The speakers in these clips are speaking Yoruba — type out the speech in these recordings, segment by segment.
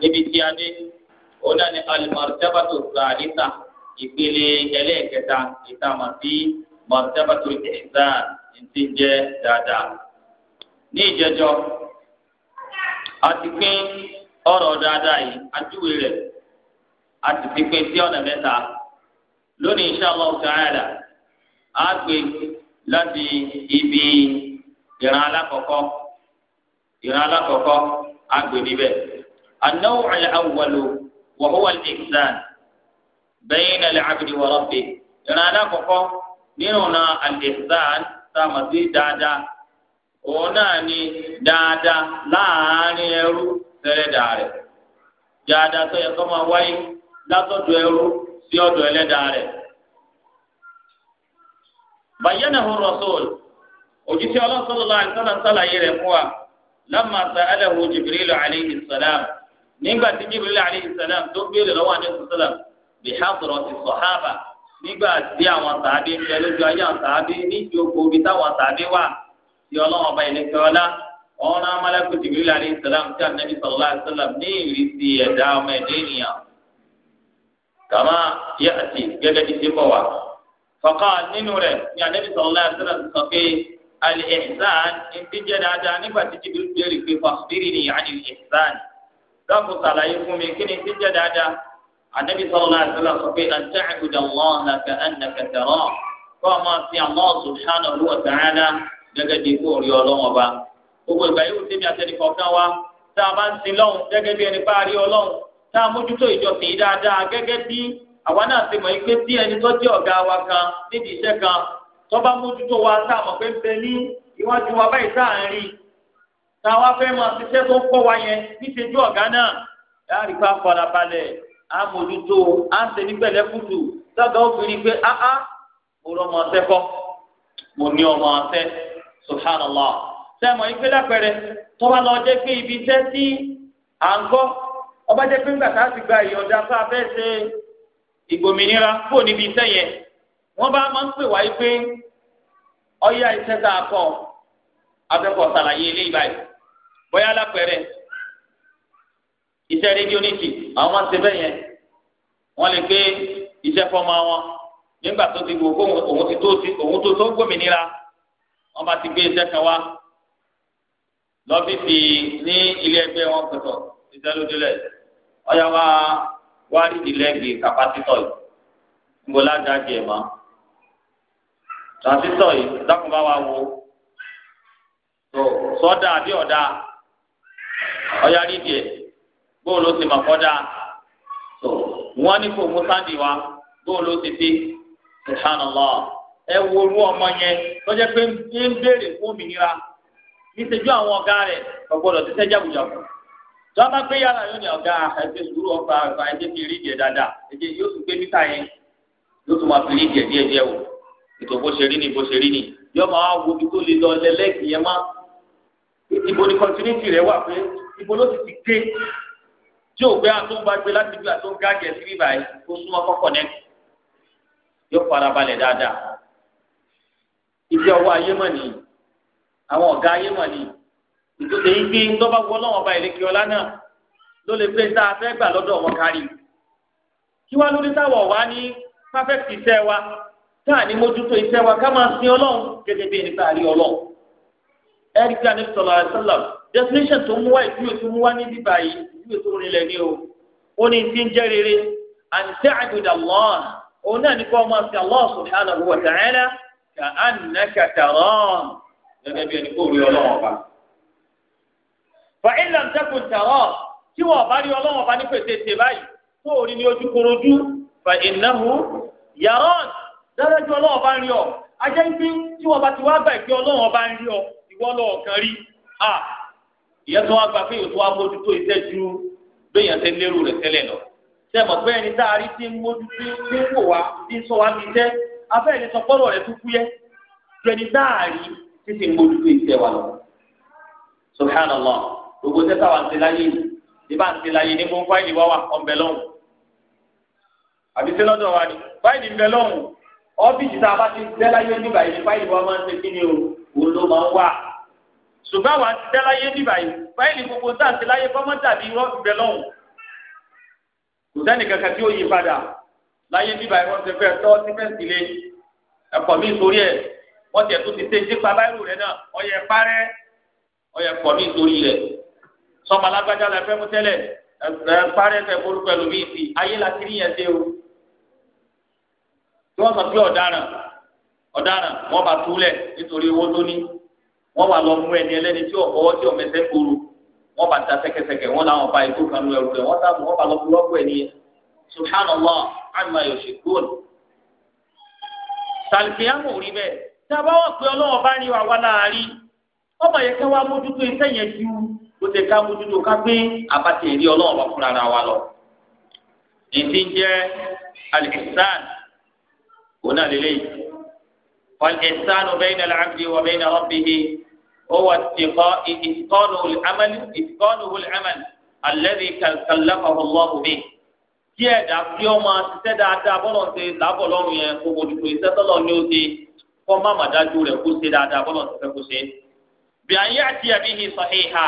níbi tí a dé ó náà ní alimartabatu sàlìsà ìpele ẹlẹ́ẹ̀kẹta ìtàmà sí martabatu ihsan ti jẹ́ dáadáa. ní ìjẹjọ a ti pín ọ̀rọ̀ dáadáa yìí ajúwe rẹ̀ a ti ti pín sí ọ̀nà mẹ́ta lónìí inshallah ta'ala á gbé láti ibi ìran alákọ̀ọ́kọ́ ìran alákọ̀ọ́kọ́ á gbé níbẹ̀. النوع الأول وهو الإحسان بين العبد وربه أنا لا كفو نينونا الإحسان تامسي دادا وناني دادا لا أنيرو سرداري دادا سيقوم واي لا تدويرو سيودو لداري بينه الرسول وجيسي الله صلى الله عليه وسلم صلى الله عليه وسلم لما سأله جبريل عليه السلام nígbà tí jibril alayhi salam tó béèrè lọ́wọ́ àdéhùn sálàm bí hàbùrọ̀ ti sọ̀hábà nígbà tí àwọn sàábé ń bẹ lójú ayé àwọn sàábé níbi oko ibi táwọn sàábé wà tí ọlọ́wọ́n ọba ilé kẹwàlá ọ̀ràn amalẹ́kù jibril alayhi salam tí anabi sallallahu alayhi salam ní ìrísí ẹ̀dá ọmọ ẹ̀dẹ́ ènìyàn kàmá yàtì gẹ́gẹ́ bí ti bọ̀ wá. fọ̀kọ́ nínú rẹ̀ ni anabi sallallahu alayhi salam sọ pé al-ihsan ti jẹ́ dáadáa nígbà tí jibril béèrè pé fàfírì dáàbò sàlàyé fún mi kí ni ti jẹ́ dáadáa ànábì sallallahu alaihi wasallam sọ pé an ta'buda Allaha ka'annaka tarahu kọ́ ọ máa fi Allah subhanahu wa ta'ala gẹ́gẹ́ bí ikú orí ọlọ́wọ́n ba gbogbo ìgbà yóò tẹ́mi àtẹnìkọ̀ kan wa tá a bá ń sin lọ́hùn gẹ́gẹ́ bí ẹni parí ọlọ́hùn tá a mójútó ìjọsìn yìí dáadáa gẹ́gẹ́ bí àwa náà ti mọ̀ pé bí ẹni tó jẹ́ ọ̀gá wa kan nídìí iṣẹ́ kan tó bá wa tá a mọ̀ pé ń wa báyìí tá à táwa fẹ́ máa ṣiṣẹ́ tó ń kọ́ wa yẹn níṣẹ́jú ọ̀gá náà láàrin ká fara balẹ̀ á mójútó ń ṣe ní pẹ̀lẹ́kùtù sọ́gà obìnrin pé ah, ah, mo rọ ọmọ ọ̀sẹ́ kọ́ mo ní ọmọ ọ̀sẹ́ subhanallah pé lápẹ̀rẹ̀ ibi iṣẹ́ tí à ń kọ́ ọba jẹ́ pé ńgbà tá a ti gba ìyọ̀dá fún abẹ́ ṣe ìgbòmìnira níbi iṣẹ́ yẹn wọ́n bá máa bóyá lápẹẹrẹ iṣẹ́ rédíò ní ti àwọn máa ń ṣe bẹ́ẹ̀ yẹn wọ́n lè gbé iṣẹ́ fọ́ọ̀mù wọn nígbà tó ti wò kóhun òun ti tó ti òun tó tó gbòmìnira wọ́n bá ti gbé iṣẹ́ kan wá lọ́fíìsì ní ilé ẹgbẹ́ wọn pẹ̀tọ̀ iṣẹ́ lójúlẹ̀ ọ̀yà wa wá rí ìdílẹ́gbẹ̀ẹ́ kàpásítọ̀ yìí níbo lájà jẹ̀ mọ́ transistor yìí dákun bá wa wo sọdá àbí ọdá ọ̀yà rí díẹ̀ bóun ló ti mọ̀ kọ́dá tó wọ́n ní kò mú sáǹdì wa bóun ló ti dé subhanallah ẹ wo orú ọmọ yẹn lọ́jọ́ pé ń béèrè fún òmìnira níṣẹ́jú àwọn ọ̀gá rẹ̀ ọ̀gbọ́dọ̀ ti sẹ́jà bùjàbù tí wọ́n bá gbé yàrá yóò ní ọ̀gá ẹgbẹ́ sùúrù ọ̀gá ọ̀gá ẹgbẹ́ ti rí díẹ̀ dáadáa ẹgbẹ́ yóò tún gbé mítà yẹn yóò tún máa fi rí díẹ̀ díẹ̀ díẹ̀ wò ètò bó ṣe rí ni bó ṣe rí ni yóò máa wo ibi tó le lọ lẹ́lẹ́kì yẹn má ibo ni kọ́ńtínítì rẹ̀ wà pé ibo ló ti ti ké tí ò gbé àtúngbà gbé láti bí àtúngbà jẹ sí bíbá yìí kó súnmọ́ kọ́kọ́ nẹ́ẹ̀ yóò fara balẹ̀ dáadáa ibi ọwọ́ ayé mọ̀ nìyí àwọn ọ̀gá ayé mọ̀ nìyí ìtòsẹ̀ yìí gbé tọ́ba wọ lọ́wọ́ ọba ìlẹ́kẹ̀ ọlá náà ló lè pé tá a fẹ́ gbà lọ́dọ̀ wọn kárí kí wá lórí táwọ̀ wá ní pàfẹ́tì iṣẹ́ wa táà ní mójútó iṣẹ́ wa ká máa sin ọlọ́run gẹ́gẹ́ bí ẹni bá rí ọlọ́run ẹ̀rí kí a ní sọ̀rọ̀ àṣàlàmù definition tó mú wá ìdúró tó mú wá ní bíbá yìí ìdúró tó rinlẹ̀ ní o ó ní ti ń jẹ́ rere and ta'bud Allah òun náà ní kó máa fi Allah subhanahu wa ta'ala ka'annaka tarah gẹ́gẹ́ bí ẹni kó rí ọlọ́wọ́n ọba. fa in lam takun tarah tí wọn bá rí ọlọ́wọ́n ọba ní pèsè tè báyìí tó rí ní ojú korojú fa innahu yarak dáadájú ọlọ́wọ́n ọba ń rí ọ ajẹ́ ń pín tí wọn bá ti wá bá ìgbé ọlọ́wọ́n ọba ń rí ọ ìwọ lọ́ọ̀kan rí ìyẹn tó wá gba pé ètò amójútó iṣẹ́ ju béèyàn tẹ lérò rẹ̀ tẹ́lẹ̀ lọ sẹ́mọ̀ pé ẹni tá a rí tí ń mójútó tí ń wò wá tí ń sọ wá mi iṣẹ́ afẹ́ẹ̀ni sọ pọ́rọ̀ rẹ̀ tó fúyẹ́ ju ẹni tá a rí tí ti ń mójútó iṣẹ́ wa lọ. subhanallah gbogbo tẹ́tà wa ń ti láyé yìí ìbá ń ti láyé ní fún fáìlì wá wà ọ̀nbẹ lọ́hùn àbí sí lọ́dọ̀ wa ni fáìlì ń bẹ lọ́hùn ọ́fíìsì tá a bá ti tẹ́ láyé nígbà yìí fáìlì wa máa ń ṣe kí ni o òun ṣùgbọ́n àwa ti dá láyé níbà yìí fáìlì gbogbo tá à ń ti láyé fọmọ tàbí wọn fi bẹ lọ́hùn kò sẹ́ni kankan tí ó yí padà láyé níbà yìí wọ́n ti fẹ́ tọ́ sífẹ́ǹsì lé ẹ̀kọ́ mi sórí ẹ̀ wọ́n tiẹ̀ tó ti ṣe jípa báyìí rẹ̀ náà ọ̀yẹ̀ parẹ́ ọ̀yẹ̀ kọ́ mi sórí rẹ̀ sọmọ alágbájá la fẹ́ mú tẹ́lẹ̀ ẹ̀ parẹ́ fẹ́ forúkọ ẹlòmíì sí ayé la ti níyẹn dé o tí wọ́n sọ pé ọ̀daràn ọ̀daràn wọ́n bá túlẹ̀ nítorí owó tó ní wọ́n wà lọ mú ẹni ẹlẹ́ni tí ọ̀fọwọ́ tí ọ̀mẹsẹ̀ kúrú wọ́n bá ta sẹ́kẹsẹkẹ wọ́n làwọn bá ikú kan lu ẹrù rẹ̀ wọ́n sábà wọ́n bá lọ búlọ́ọ̀kù ẹni subhanallah amma yushrikun. sàlùkìyàmù rí bẹ́ẹ̀ tí a bá wọ̀ pé ọlọ́wọ́n bá ní wa wá láàárín ọmọ yẹn ká wá mójútó iṣẹ́ yẹn ju bó ṣe ká mójútó ká gbé àbátì èrí ọlọ́wọ́n bá fúnra ra wa lọ. ìdí jẹ́ al-ihsan òun náà هو اتقاء إتقانه العمل إتقانه العمل الذي كلفه الله به kí ẹ̀dá kí ó máa ṣiṣẹ́ dáadáa bọ́lọ̀ ṣe lábọ̀ lọ́rùn yẹn kó bójútó iṣẹ́ tọ́lọ̀ ní ó ṣe kó má má dájú rẹ̀ kó ṣe dáadáa bọ́lọ̀ ṣe fẹ́ kó ṣe. bí ayé àti ẹ̀mí yìí sọ ìhà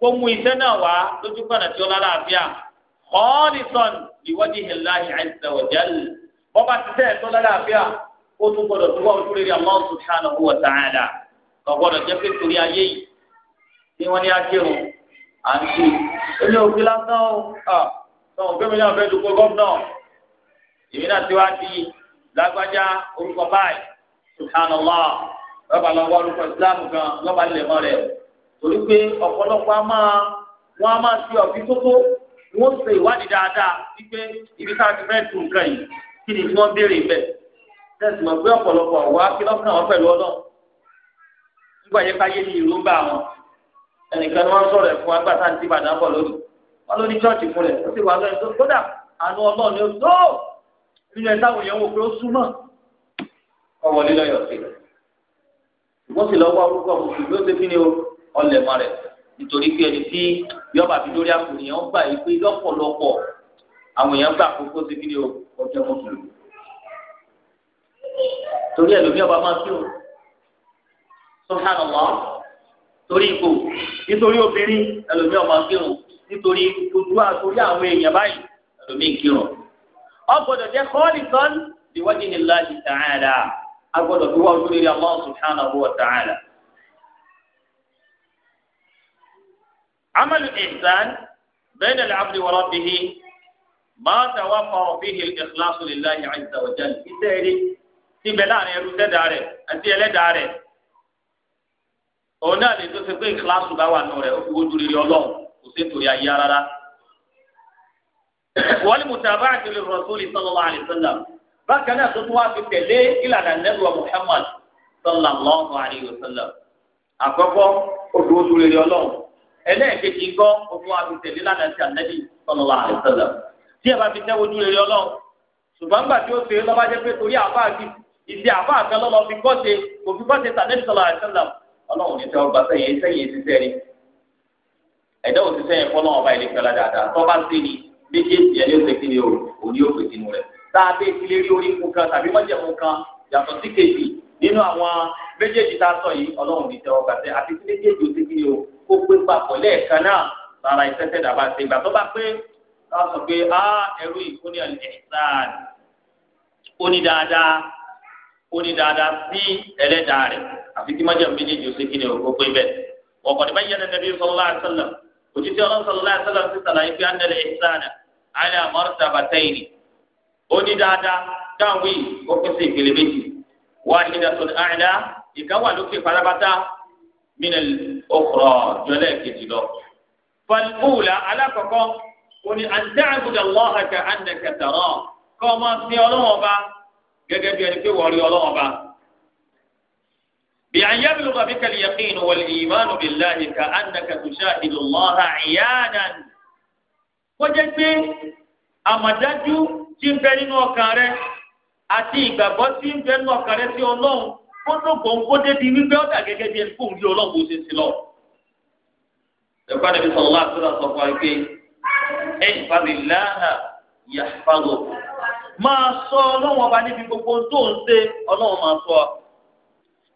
kó mú iṣẹ́ náà wá lójú kànáà tí ó lára àfíà kọ́ọ̀lìsọ̀n ìwọ́dí ìláhì azza wa jal. bọ́ba ṣiṣẹ́ tó lára àfíà ó tún gbọ́dọ̀ ọgbọdọ jẹ pé torí ayé yìí tí wọn ní ajéhùn à ń ṣe èmi ò fi lásán o tọ̀hún pé mi náà fẹ́ dupò gómìnà èmi náà ti wá di lágbájá orúkọ báyìí subhanallah lọ́ba lọ́wọ́ orúkọ islam gan lọ́ba lè mọ́ rẹ̀ torí pé ọ̀pọ̀lọpọ̀ a máa wọ́n a máa ṣe ọ̀fin tótó wọ́n ṣe ìwádìí dáadáa wípé ibi tá a ti fẹ́ tu nǹkan yìí kí ni tí wọ́n béèrè bẹ́ẹ̀ tẹ̀sí mọ̀ pé ọ̀pọ̀lọpọ̀ wá kí lọ́kàn wọn pẹ̀lú ọlọ́run nígbà yẹn ká yé ní ìrúbà wọn ẹnìkan ni wọ́n sọ̀rọ̀ ẹ̀fọ́ agbáta ní tìbàdàn bọ̀ lónìí wọ́n ló ní chọ́ọ̀chì fún rẹ̀ ó sì wà lọ́yìn tó kódà àánú ọlọ́run ni ó tó nínú ẹ̀ táwọn èèyàn wò pé ó súnmọ́ ọwọ́ lílọ yọ̀ sí rẹ̀ wọ́n sì lọ́wọ́ orúkọ mùsùlùmí ó ṣe kí ni ọlẹ̀ mọ́ rẹ̀ nítorí pé ẹni tí yọba fi lórí àpò nìyẹn ń gbà yìí pé lọ́pọ̀lọpọ̀ àwọn èèyàn gbà kókó ṣe kí ni ọjọ́ mùsùlùmí torí ẹ̀ lómi ọba máa kí o subhanallah torí ikú nítorí obìnrin ẹlòmíì ọmọ kírun nítorí ojú àtòrí àwọn èèyàn báyìí ẹlòmíì kírun ọgbọ́dọ̀ jẹ́ khalisan liwajhi Allahi ta'ala agbọ́dọ̀ fi wá ojú rere Allah subhanahu wa ta'ala. عمل الإحسان بين العبد وربه ما توفر فيه الإخلاص لله عز وجل إسيري تبلان يرو تداري أتي لداري òun náà lè tó ṣe pé ìkíláàsù bá wà nù rẹ̀ ó fi wojú rere ọlọ́run kò sí torí ayé rárá. wọ́n ní mùtàbá àjọyọ̀ rọ̀sọ́lì sallallahu alaihi wasallam bákan náà tó tún wá fi tẹ̀lé ìlànà nẹ́lùwà Muhammad sallallahu alaihi wasallam. àkọ́kọ́ ó fi wojú rere ọlọ́run ẹlẹ́ẹ̀kejì kọ́ ó tún wá fi tẹ̀lé ìlànà ti ànábì sallallahu alaihi wasallam. tí ẹ bá fi tẹ́ wojú rere ọlọ́run ọlọ́run ní sẹ́wọ́n gba sẹ́yìn sẹ́yìn ṣiṣẹ́ ni ẹ̀dá ò ṣiṣẹ́ yẹn fọlọ́run ọba ìlẹ́fẹ́ la dáadáa tọ́ba sí ni méjèèjì yẹn ní òfin kí ni o òní òfin kí ni rẹ̀ tá a bẹ́ẹ̀ sílé rí orí kú kan tàbí mọ́jẹ̀mú kan yàtọ̀ sí kejì nínú àwọn méjèèjì tá a sọ yìí ọlọ́run ní sẹ́wọ́n gba sẹ́ àti sí méjèèjì ó ti kí ni o kó pé papọ̀ lẹ́ẹ̀kan náà lára ìṣẹ́ṣẹ́ dàbà ṣe ìgbà tó bá pé ká sọ pé á ẹrú ìkóni ẹ̀sán ó dáadáa ó dáadáa sí ẹlẹ́dàá rẹ̀ àfi kí májàmú méjèèjì ó ṣe kí ni òkú pé bẹ́ẹ̀ wọ́n kọ́ni bá yẹn nàbí sallallahu alaihi wasallam òtítí ọlọ́run sallallahu alaihi wasallam ti sàlàyé pé àndẹ̀lẹ̀ ìsànà àlẹ́ àmọ́rúta bàtẹ́yìn ó ní dáadáa dáwì ó pín sí ìpele méjì wahidatun a'la ìkan wà lókè parabata minal ukhra jọlẹ̀ kejì lọ. falmúlà alákọ̀ọ́kọ́ ó ní àǹtẹ̀àgùdà lọ́hàkà àǹdẹ̀kẹ̀tàrọ̀ kọ́ بأن يبلغ بك اليقين والإيمان بالله كأنك تشاهد الله عيانا kọjá pé àmọ̀dájú tí ń bẹ nínú ọkàn rẹ àti ìgbàgbọ́ tí ń bẹ nínú ọkàn rẹ sí ọlọ́run ó tó gbòǹgbòdé di wípé ọ̀dà gẹ́gẹ́ bí ẹni kò ń rí ọlọ́run bó ṣe sí lọ. ẹ̀fọ́ àdàbí sọ̀rọ̀ láti sọ̀rọ̀ sọ̀rọ̀ fún wa pé ẹ̀yìn fàmìláhà yàtọ̀ máa sọ ọlọ́run ọba níbi gbogbo tó ń ṣe ọlọ́run máa sọ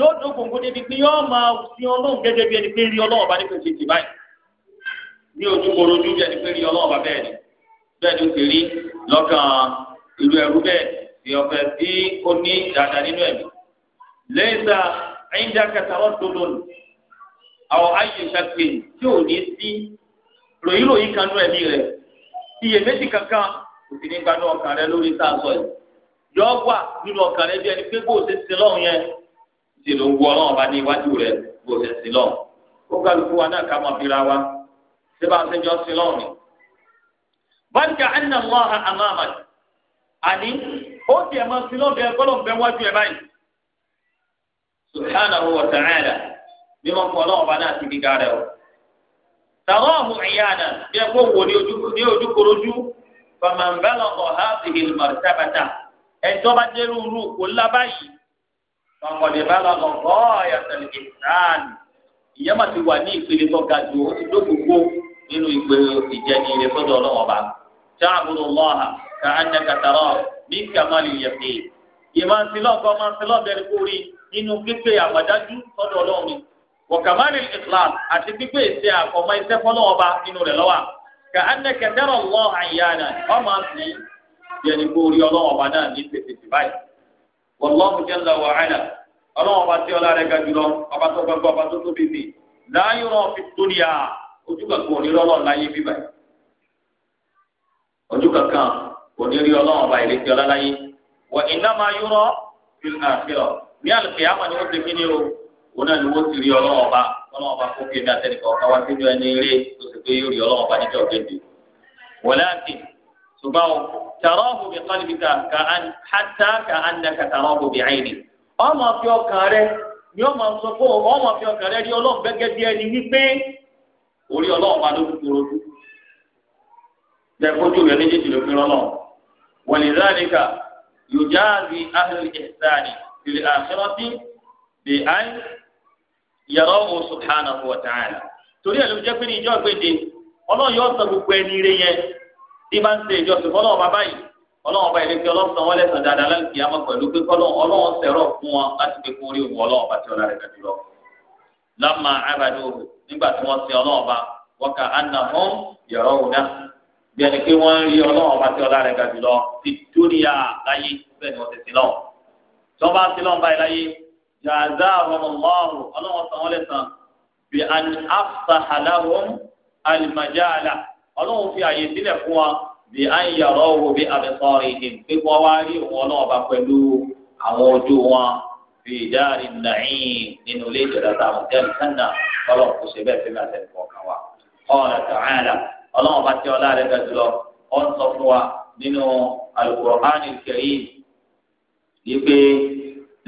yóò dún gbòǹgbò débi pé yóò máa sin ọlọ́run gẹ́gẹ́ bí ẹni pé rí ọlọ́run bá nípa ìṣèjì báyìí ní ojú koro ojú bí ẹni pé rí ọlọ́run bá bẹ́ẹ̀ ni bẹ́ẹ̀ ni ó ti rí lọ́kàn ìlú ẹrú bẹ́ẹ̀ ti ọ̀fẹ́ tí ó ní dáadáa nínú ẹ̀mí. lẹ́yìnbá ẹ̀yìndá kẹta wọ́n tó lónìí àwọn ayé ìṣàpè tí ò ní sí ròyìnròyìn kan nú ẹ̀mí rẹ̀ iyèméjì kankan kò sì ní gbanú ọkàn rẹ lórí sáà sọ yìí yọ wà nínú ọkàn rẹ bí ẹni pé bó o ṣe ṣe lọ́hùn yẹn ṣe ló ń wọ ọlọ́run bá ní iwájú rẹ̀ bó ṣe sí lọ. ó kálukú wa náà ká mọ̀ fira wa ṣé bá a ṣe jọ sí lọ́run ni. báńkì àná lọ́ha àmàmà àní ó tiẹ̀ máa sí lọ́bẹ̀ ọlọ́run bẹ wájú ẹ̀ báyìí. subhanahu wa ta'ala bí wọ́n kọ́ ọlọ́run bá náà ti gíga rẹ̀ o. tàwọn ọ̀hún ìyá bí ẹ kó wò ní ojúkorojú fàmàǹbẹ́lọ̀ ọ̀há ti hìlmọ̀ tábàtà ẹ̀jọ́ bá dérú rú kò lábáyìí ọmọdé bá lọ lọ́kọ́ ayàtọ̀lẹ̀ ìsàn ìyẹn mà ti wà ní ìpele tó ga jù ó ti dókòkò nínú ìpè ìjẹni ilé fọdọ ọlọ́wọ́ bá ta'budu Allaha ka'annaka tarahu min kamalil yaqin ìmàn sílọ̀ kọ́ máa sílọ̀ bẹ̀rẹ̀ kórì nínú pípé àmọ̀dájú fọdọ ọlọ́wọ́ mi wa kamalil àti pípé ìṣe àkọ́mọ iṣẹ́ fọlọ́wọ́ bá nínú rẹ̀ lọ́wọ́ ka'annaka tarahu Allaha 'ayyanan ọmọ àti yẹnì kórì ọlọ́wọ́ bá náà ní tètè báyìí wallahu jalla wa ala ọlọ́wọ́n bá tí ọlá rẹ̀ ga jùlọ ọba tó gbàgbọ́ ọba tó tóbi bì láàyè wọn fi tóníyà ojú kankan òní lọ́lọ́run láyé bíbà ojú kankan òní rí ọlọ́wọ́n bá ìrètí ọlá láyé wọ innama yura fil akhirah ní àlùkìyàmọ̀ ni wọ́n ti kí ni o wọn náà ni wọ́n ti rí ọlọ́wọ́n bá ọlọ́wọ́n bá kó kéde àtẹnìkọ̀ọ́ká wá síjú ẹni ilé tó ti pé yóò rí ọlọ́wọ́n bá níjọ́ gbèdé wọ́n láti ṣùgbọ́n o tàrọ́ọ̀bù bí kọ́lìbìkà hàtà kà á nàkà tàrọ́ọ̀bù bí àyìnì. ọmọ fi ọkàn rẹ ni ọmọ sọ fún ọ ọmọ fi ọkàn rẹ rí ọlọ́run gẹ́gẹ́ bí ẹni wípé orí ọlọ́run máa ló dúró lójú. lẹ́kọ́jú rẹ méjèèjì ló fi rọ́nà wọ̀lìdáríkà yòjáàbí ahlul ihsani fil akhirati bí àyìn yàrá òun subhanahu wa ta'ala. torí ẹ̀ ló jẹ́ pé ní ìjọ́ gbèdé ọlọ́run yóò sọ gbogbo ẹni rẹ yẹn tí bá ń ṣe ìjọsìn fọlọ́wọ́n bá báyìí ọlọ́wọ́n bá ilé fi ọlọ́sàn wọn lẹ́sàn dáadáa láti fi àmọ́ pẹ̀lú pé ọlọ́wọ́n sẹ̀rọ̀ fún wọn láti fi kún orí òun ọlọ́wọ́n bá ti ọ̀la rẹ̀ gàdú lọ. lámà àbàdo nígbà tí wọ́n sin ọlọ́wọ́n bá wọ́n ka anahun yọ̀rọ̀ wò ná bí ẹni pé wọ́n rí ọlọ́wọ́n bá ti ọ̀la rẹ̀ gàdú lọ ti dúríyà láyé bẹ́ẹ̀ ni wọ́n ti sin lọ́wọ́ ọlọ́run fi àyè sílẹ̀ fún wa bí à ń yàrá owó bí abẹ́sọ̀rọ̀ ìdè pé wọ́n wá rí òun ọlọ́run ọba pẹ̀lú àwọn ojú wọn fi dáàrí nàìyìn nínú ilé ìjọba táwọn jẹ́rìí sánà ọlọ́run kò ṣe bẹ́ẹ̀ fẹ́ máa tẹ̀lé kọ̀ọ̀kan wa ọ̀rọ̀ tààlà ọlọ́run ọba tí ọlá rẹ̀ gàdú lọ ọ ń sọ fún wa nínú alukur'an karim yìí pé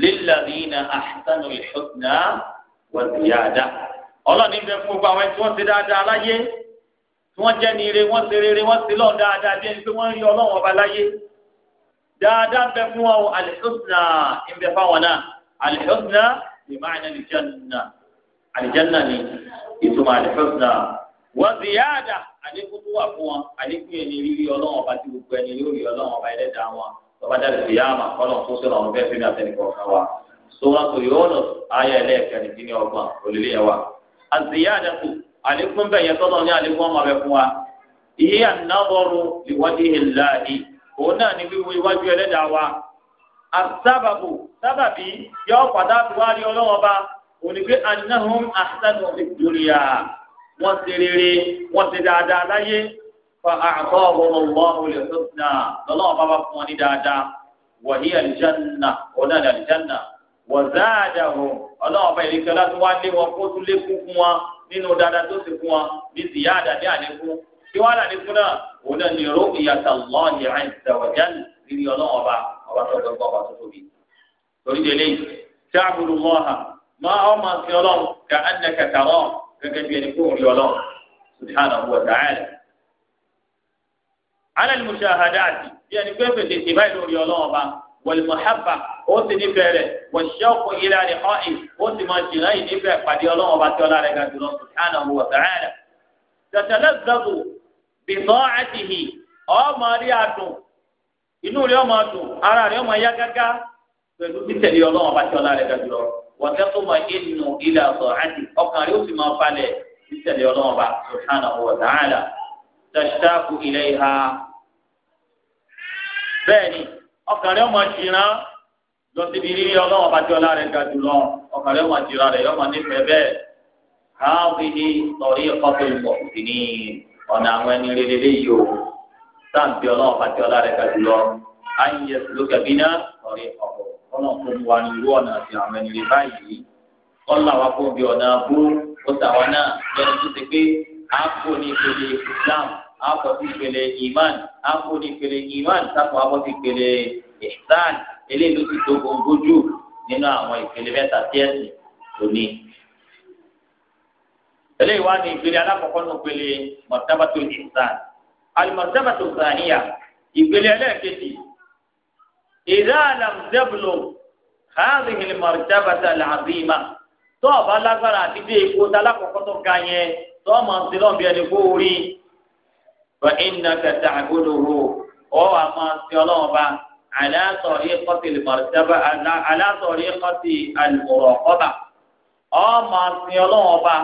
lílàdínà àṣìṣànù ìṣúná wà ziyada ọlọ́run ní wọ́n jẹ́ ní ire wọ́n ṣe rere wọ́n ṣe lọ́n dáadáa bí ẹni pé wọ́n rí ọlọ́run ọba láyé dáadáa bẹ fún wa alihusna ìbẹ fáwọn náà alihusna ìmáàyàn alìjánná alìjánná ni ìtumọ̀ alihusna wọ́n ziyada àdínkù tó wà fún wọn àdínkù yẹn ní rírí ọlọ́run ọba tí gbogbo ẹni yóò rí ọlọ́run ọba ẹlẹ́dàá wọn lọ́ba dàbí fìyàmà kọ́lọ̀ tó ṣe lọ́run bẹ́ẹ̀ fẹ́mi àtẹnìkọ̀ ọ̀kan wa sọ́wọ́n kò àlékún bẹ́ẹ̀ yẹn tọ́lọ́ ní àlékún ọmọ rẹ fún wa ìyí ànáwọ́rù ìwádìí ìlàhì òun náà ní wíwo iwájú ẹlẹ́dàá wa àsábàbò sábàbí yọ padà tiwárí ọlọ́wọ́ bá onígbé anahum ahsanu ìdúrìà wọ́n ti rere wọ́n ti dáadáa láyé fa àkọ́ ọ̀gbọ̀nọ̀gbọ̀n lè sọ́sìnà lọ́lọ́wọ́ bá bá fún wọn ní dáadáa wọ̀nyí àlìjánná òun náà ní àlìjánná wọ̀záàdà ọ̀hún ọlọ́wọ́ bá ìrìkẹ́ láti wá lé wọn kó tún lé kún fún wọn nínú dáadáa tó ti fún wa bí ìyá àdàdé àlékún kí wọ́n àlékún náà òun náà ní ró ìyàtọ̀ lọ́ọ̀nì àìsàwọ̀jáde rírí ọlọ́wọ́n ọba ọba tó gbọ́ ọba tó tóbi. torí délé tí a gbọdọ̀ mọ́ ha máa ọ máa fi ọlọ́run ká ẹnẹ kẹta rán gẹ́gẹ́ bí ẹni kó rí ọlọ́run subhanahu wa ta'ala. alẹ́ ni mo ṣe bí ẹni pé fèsì ìbáyìí lórí ọlọ́run ọba wọlùmọ̀hábà ó sì nífẹ̀ẹ́ rẹ̀ wọ̀ṣọ́kù ilé rẹ̀ hàn ì ó sì máa jìnnà yìí nífẹ̀ẹ́ pàdé ọlọ́wọ́n bá tí ọlá rẹ̀ ga jùlọ sùhánà wò wà bẹ̀rẹ̀ rẹ̀. tẹ̀tẹ̀lẹ̀ zọ́dù bìbọ́ àtìhì ọmọ rí àdùn inú rẹ̀ ọmọ àdùn ara rẹ̀ ọmọ yá gágá pẹ̀lú títẹ̀lé ọlọ́wọ́n bá tí ọlá rẹ̀ ga jùlọ wọ̀tẹ́kùmọ̀ inú ilé àtọ̀ àti ọkàn rẹ̀ ó sì máa falẹ̀ títẹ̀lé ọlọ́wọ́n bá sùhánà wò wà bẹ̀rẹ̀ rẹ̀ tẹ̀sítáàkù ilé ha bẹ́ẹ̀ ni ọkàn rẹ̀ ọmọ jìnnà lọ síbi rírí ọlọ́wọ́n bá jọ lára ga jùlọ ọkàn rẹ̀ ọmọ jìnnà rẹ̀ ọmọ nífẹ̀ẹ́ bẹ́ẹ̀ káwéhì sọ̀rí ọkọ̀ ìpọ̀ sí ní ọ̀nà àwọn ẹni rere léyìí o sáǹtì ọlọ́wọ́n bá jọ lára ga jùlọ ayé lókè bínà sọ̀rí ọkọ̀ ọlọ́wọ́n tó mu wa ní irú ọ̀nà àti àwọn ẹni rere báyìí ọlọ́wọ́n wa kó bí ọ̀nà abú ó tàwọn akọ sí ìpele iman akọ ní ìpele iman sáfù akọ sí ìpele ihsan eléyìí ló ti tó gbogbo jù nínú àwọn ìpele mẹ́ta tí ẹ̀sìn tó ní. eléyìí wá ní ìpele alákọ̀ọ́kọ́ ní ìpele mọ̀tábàtò ihsan alimọ̀tábàtò sàníyà ìpele ẹlẹ́ẹ̀kejì ìdá àlàmùsẹ́bùlù hàzìhìn mọ̀tábàtà làbímà tó ọ̀bá lágbára àti dé ipò tálákọ̀ọ́kọ́ tó ga yẹn tó ọmọ sílọ̀ bí ẹni kó orí. فإنك تعبده أو أما سيلوبا على طريقة المرتبة على طريقة المراقبة أما سيلوبا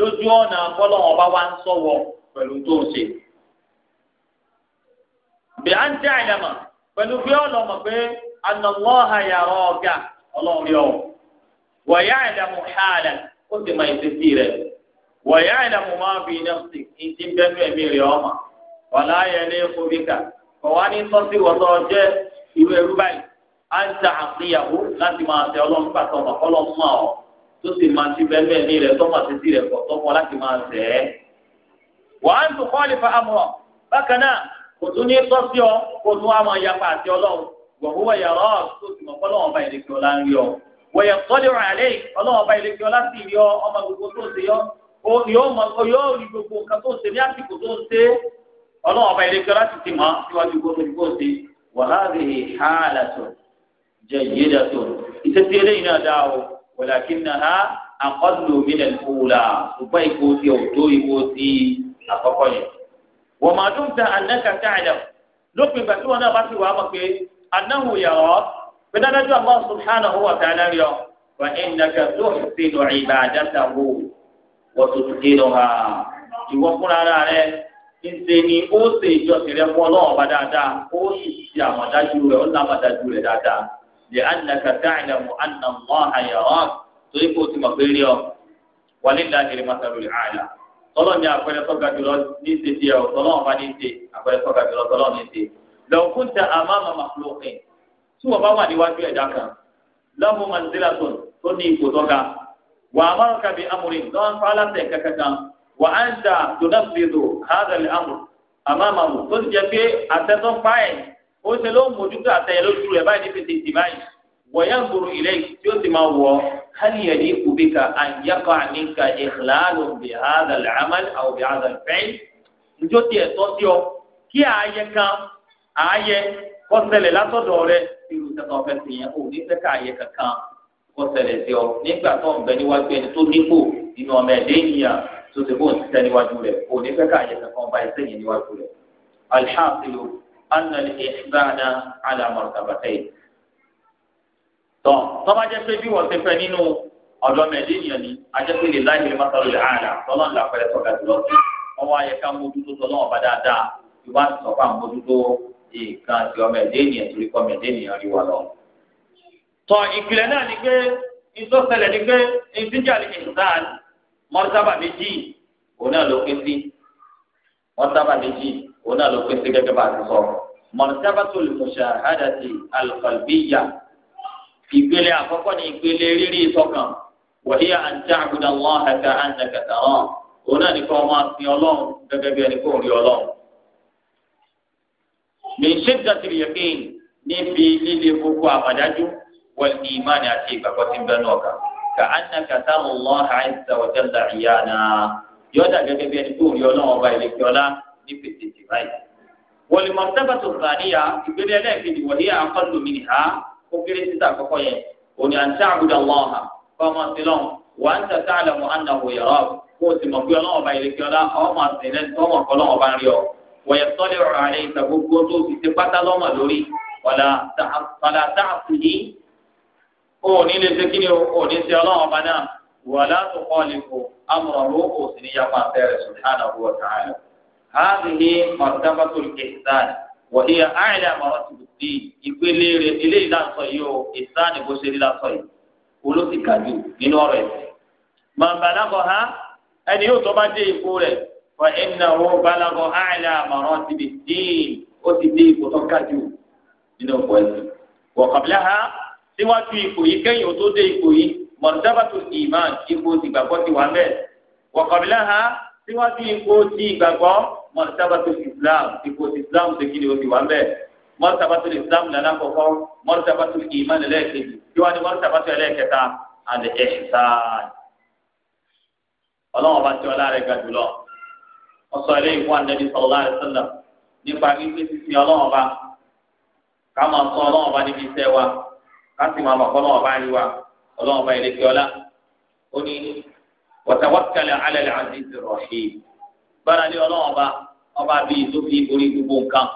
lójú ọ̀nà kọ́lọ́wọ́n bá wá ń sọ̀wọ́ pẹ̀lú tó ń ṣe. bí a ń jẹ́ àyàmà pẹ̀lú bí ọlọ́mọ pé anamọ́ha yàrá ọ̀gá ọlọ́run yọ̀ wọ̀yá àyàmù hàlà ó sì máa ń ṣe sí rẹ̀ wọ̀yá àyàmù máa ń bí iná sí ní ti ń bẹ́ẹ̀ mí rẹ̀ ọmọ wàlá ayẹlẹ kóbíkà ọ̀wá ní tọ́sí wọ́tọ́ jẹ́ ìwé ẹrú báyìí á ń ta àfihàwó láti máa tẹ ọlọ́run pàtó ọmọ ọlọ́run mọ́ ọ tó sì máa ti bẹ́ẹ̀ ní rẹ̀ tọ́mọ̀ sí sí rẹ̀ pọ̀ tọ́mọ láti máa tẹ̀ ẹ́. wàá ń tún kọ́ọ̀lì fa amọ̀ bákan náà kò tún ní tọ́sí ọ kó tún wá máa yapa àti ọlọ́run wọ̀húwẹ̀ yàrá ọ̀ tó sì mọ̀ ọlọ́run ọba ilé kíọ́lá ti ti mọ́ síwájú kó tóbi kó ṣe wàhálà ìhàlàtò jẹ ìyédàtò ìtẹ́tí eléyìí náà dáa o wọ̀làkì náà àkọ́lù mílẹ̀ kúùlà ṣùgbọ́n ipò ti ọ̀dọ́ ipò ti àkọ́kọ́ yẹn. wọ́n máa dún ta ànáka káàdà lópin ìgbà tí wọn náà bá ti wà á mọ̀ pé anáhù yàrá pé dájú Allah subhanahu wa ta'ala yọ wà innaka tó ṣe ìbàdàn tàwọn wọ́n tó ti ǹṣe ni ó ṣe ìjọsìn rẹ fún ọlọ́run ọba dáadáa ó sì ṣe àmọ̀dájú rẹ ó lámọ̀dájú rẹ dáadáa lè ànàkà dáìlà mọ ànà mọ àyàrán torí kó o ti mọ̀ pé rí ọ wàlé ńlá kiri masalu rẹ àyà tọ́lọ́ ni àpẹẹrẹ tọ́ga jùlọ ní ṣe ti ẹ̀ tọ́lọ́ ọba ní ṣe àpẹẹrẹ tọ́ga jùlọ tọ́lọ́ ní ṣe lọ́wọ́ kó àmàmà màfúlókìn tí wọ́n bá wà níwájú ẹ̀dá kan lọ́mú manzilatun tó ní ipò tọ́ga wà á má wà á ń dà tòlẹ́fìdò hádàlì àmù àmàmàmù tó ti jẹ́ pé àtẹ́tọ́ ń pa ẹ̀ ó ṣe ló ń mójútó àtẹ̀yẹ lójú rẹ̀ báyìí níbi tètè báyìí wọ̀nyá gbòòrò ilẹ̀ tí ó ti máa wọ̀ hàníyàn ní kùbíkà àyàkọ̀ àníkà ìhlàlù bí hádàlì àmàlì àwọn bí hádàlì fẹ́ẹ́ njó tiẹ̀ tọ́ sí ọ kí ààyè kan ààyè kọsẹlẹ̀ látọ̀dọ̀ rẹ irú sẹ́kọ̀ ọ̀fẹ́ sì yẹn ò ní sẹ́kọ̀ ààyè kankan kọsẹlẹ̀ sí ọ nígbà tó ń bẹ níwájú ẹni tó nípò nínú ọmọ ẹ̀dẹ́ ènìyàn tó ti bó ń ṣiṣẹ́ níwájú rẹ̀ kò ní fẹ́ káàyè kankan bá iṣẹ́ yẹn níwájú rẹ̀. alḥasilu anna al-ihsana ala martabatayn. tọ́ tọ́ba jẹ́ pé bí wọ́n ti fẹ́ nínú ọ̀dọ́ mẹ́lẹ́nìyàn ni ajẹ́pẹ́ lè láì lè mọ́tàlú rẹ̀ ààrà tọ́lọ́ ńlá pẹ̀lẹ́ tọ́ka jùlọ sí ọwọ́ ayẹ ká mójútó tọ́lọ́ ọba dáadáa ìwà sọ̀fà mójútó nǹkan àti ọmọ ẹ̀dẹ́nìyàn torí kọ́ mẹ́lẹ́nìyàn rí wa lọ. tọ́ ìpìlẹ̀ náà ni pé ìtọ́sẹ̀lẹ̀ ni pé ìdíjà lè ní mọ́tàbà méjì òun náà ló pín sí mọ́tàbà méjì òun náà ló pín sí gẹ́gẹ́ bá a ti sọ mọ́tàbà tó lè mushahadati al-qalbiyya ìpele àkọ́kọ́ ni ìpele rírí ìtọ́kàn wa hiya an ta'buda Allaha ka'annaka tarahu òun náà ní kó máa ọlọ́run gẹ́gẹ́ bí ẹni kó rí ọlọ́run. min shiddati al-yaqin níbi líle gbogbo àmàdájú wal imani àti ìgbàgbọ́ ka'annaka tara Allah azza wa jalla iyana yóò dà gẹ́gẹ́ bí ẹni tó rí ọlọ́wọ́ ọba ìlẹ̀kí ọlá ní pèsè tì báyìí. wal martabatu thaniya ìgbélé ẹlẹ́ẹ̀kejì wọ̀nyí aqallu minha ó kéré títà àkọ́kọ́ yẹn òní an ta'buda Allah fọmọ sílọ̀ wa anta ta'lamu annahu yarak kó o sì mọ̀ pé ọlọ́wọ́ ọba ìlẹ̀kí ọlá ọ o ní lè ṣe kíni o o ní ṣe ọlọ́run ọba náà wàlá tó kọ́ lè kó amúrọ̀ ló kó sì ní yapa fẹ́rẹ̀ subhanahu wa ta'ala. hàbìhí mọ̀tàbàtò ìsàn wọ̀nyí àìlẹ̀ àmọ̀ràn ti bù sí ìpele rẹ̀ eléyìí lásọ yìí o ìsàn bó ṣe rí lásọ yìí olóṣì kàdú nínú ọ̀rọ̀ ẹ̀sìn. màbàlágọ̀ ha ẹni yóò tó bá dé ipò rẹ̀ wọ́n iná wo balagọ̀ àìlẹ̀ àmọ̀ràn ti bù sí ó ti dé ipò tó kàdú nínú ọ̀pọ̀ ẹ̀sìn. wọ̀kàbílẹ̀ ha síwájú ipò yìí kẹ́yìn tó dé ipò yìí mọ̀tàbàtò ìmán ipò ti gbàgbọ́ ti wà mẹ́ẹ̀ wọ̀kọ̀bílẹ̀ ha síwájú ipò ti gbàgbọ́ mọ̀tàbàtò islam ipò ti islam ti kí ni o ti wà mẹ́ẹ̀ mọ̀tàbàtò islam lẹ́nà kọ̀kọ́ mọ̀tàbàtò ìmán lẹ́ẹ̀kejì síwájú mọ̀tàbàtò ẹlẹ́ẹ̀kẹta àti ẹ̀ṣán ọlọ́wọ́n bá ti ọlá rẹ̀ ga jùlọ ọsọ ilé ìfún anabi sallallahu alaihi wasallam nípa wípé sísìn ọlọ́wọ́n bá ká máa sọ ọlọ́wọ́n bá níbi láti máa mọ̀ kọ́lọ́wọ́ bá yí wa ọlọ́wọ́ bá yẹlẹ́ fiọ́lá ó ní watawakkal ala al-aziz ar-rahim gbára lé ọlọ́wọ́ bá ọba bíi tó fi borí gbogbo nǹkan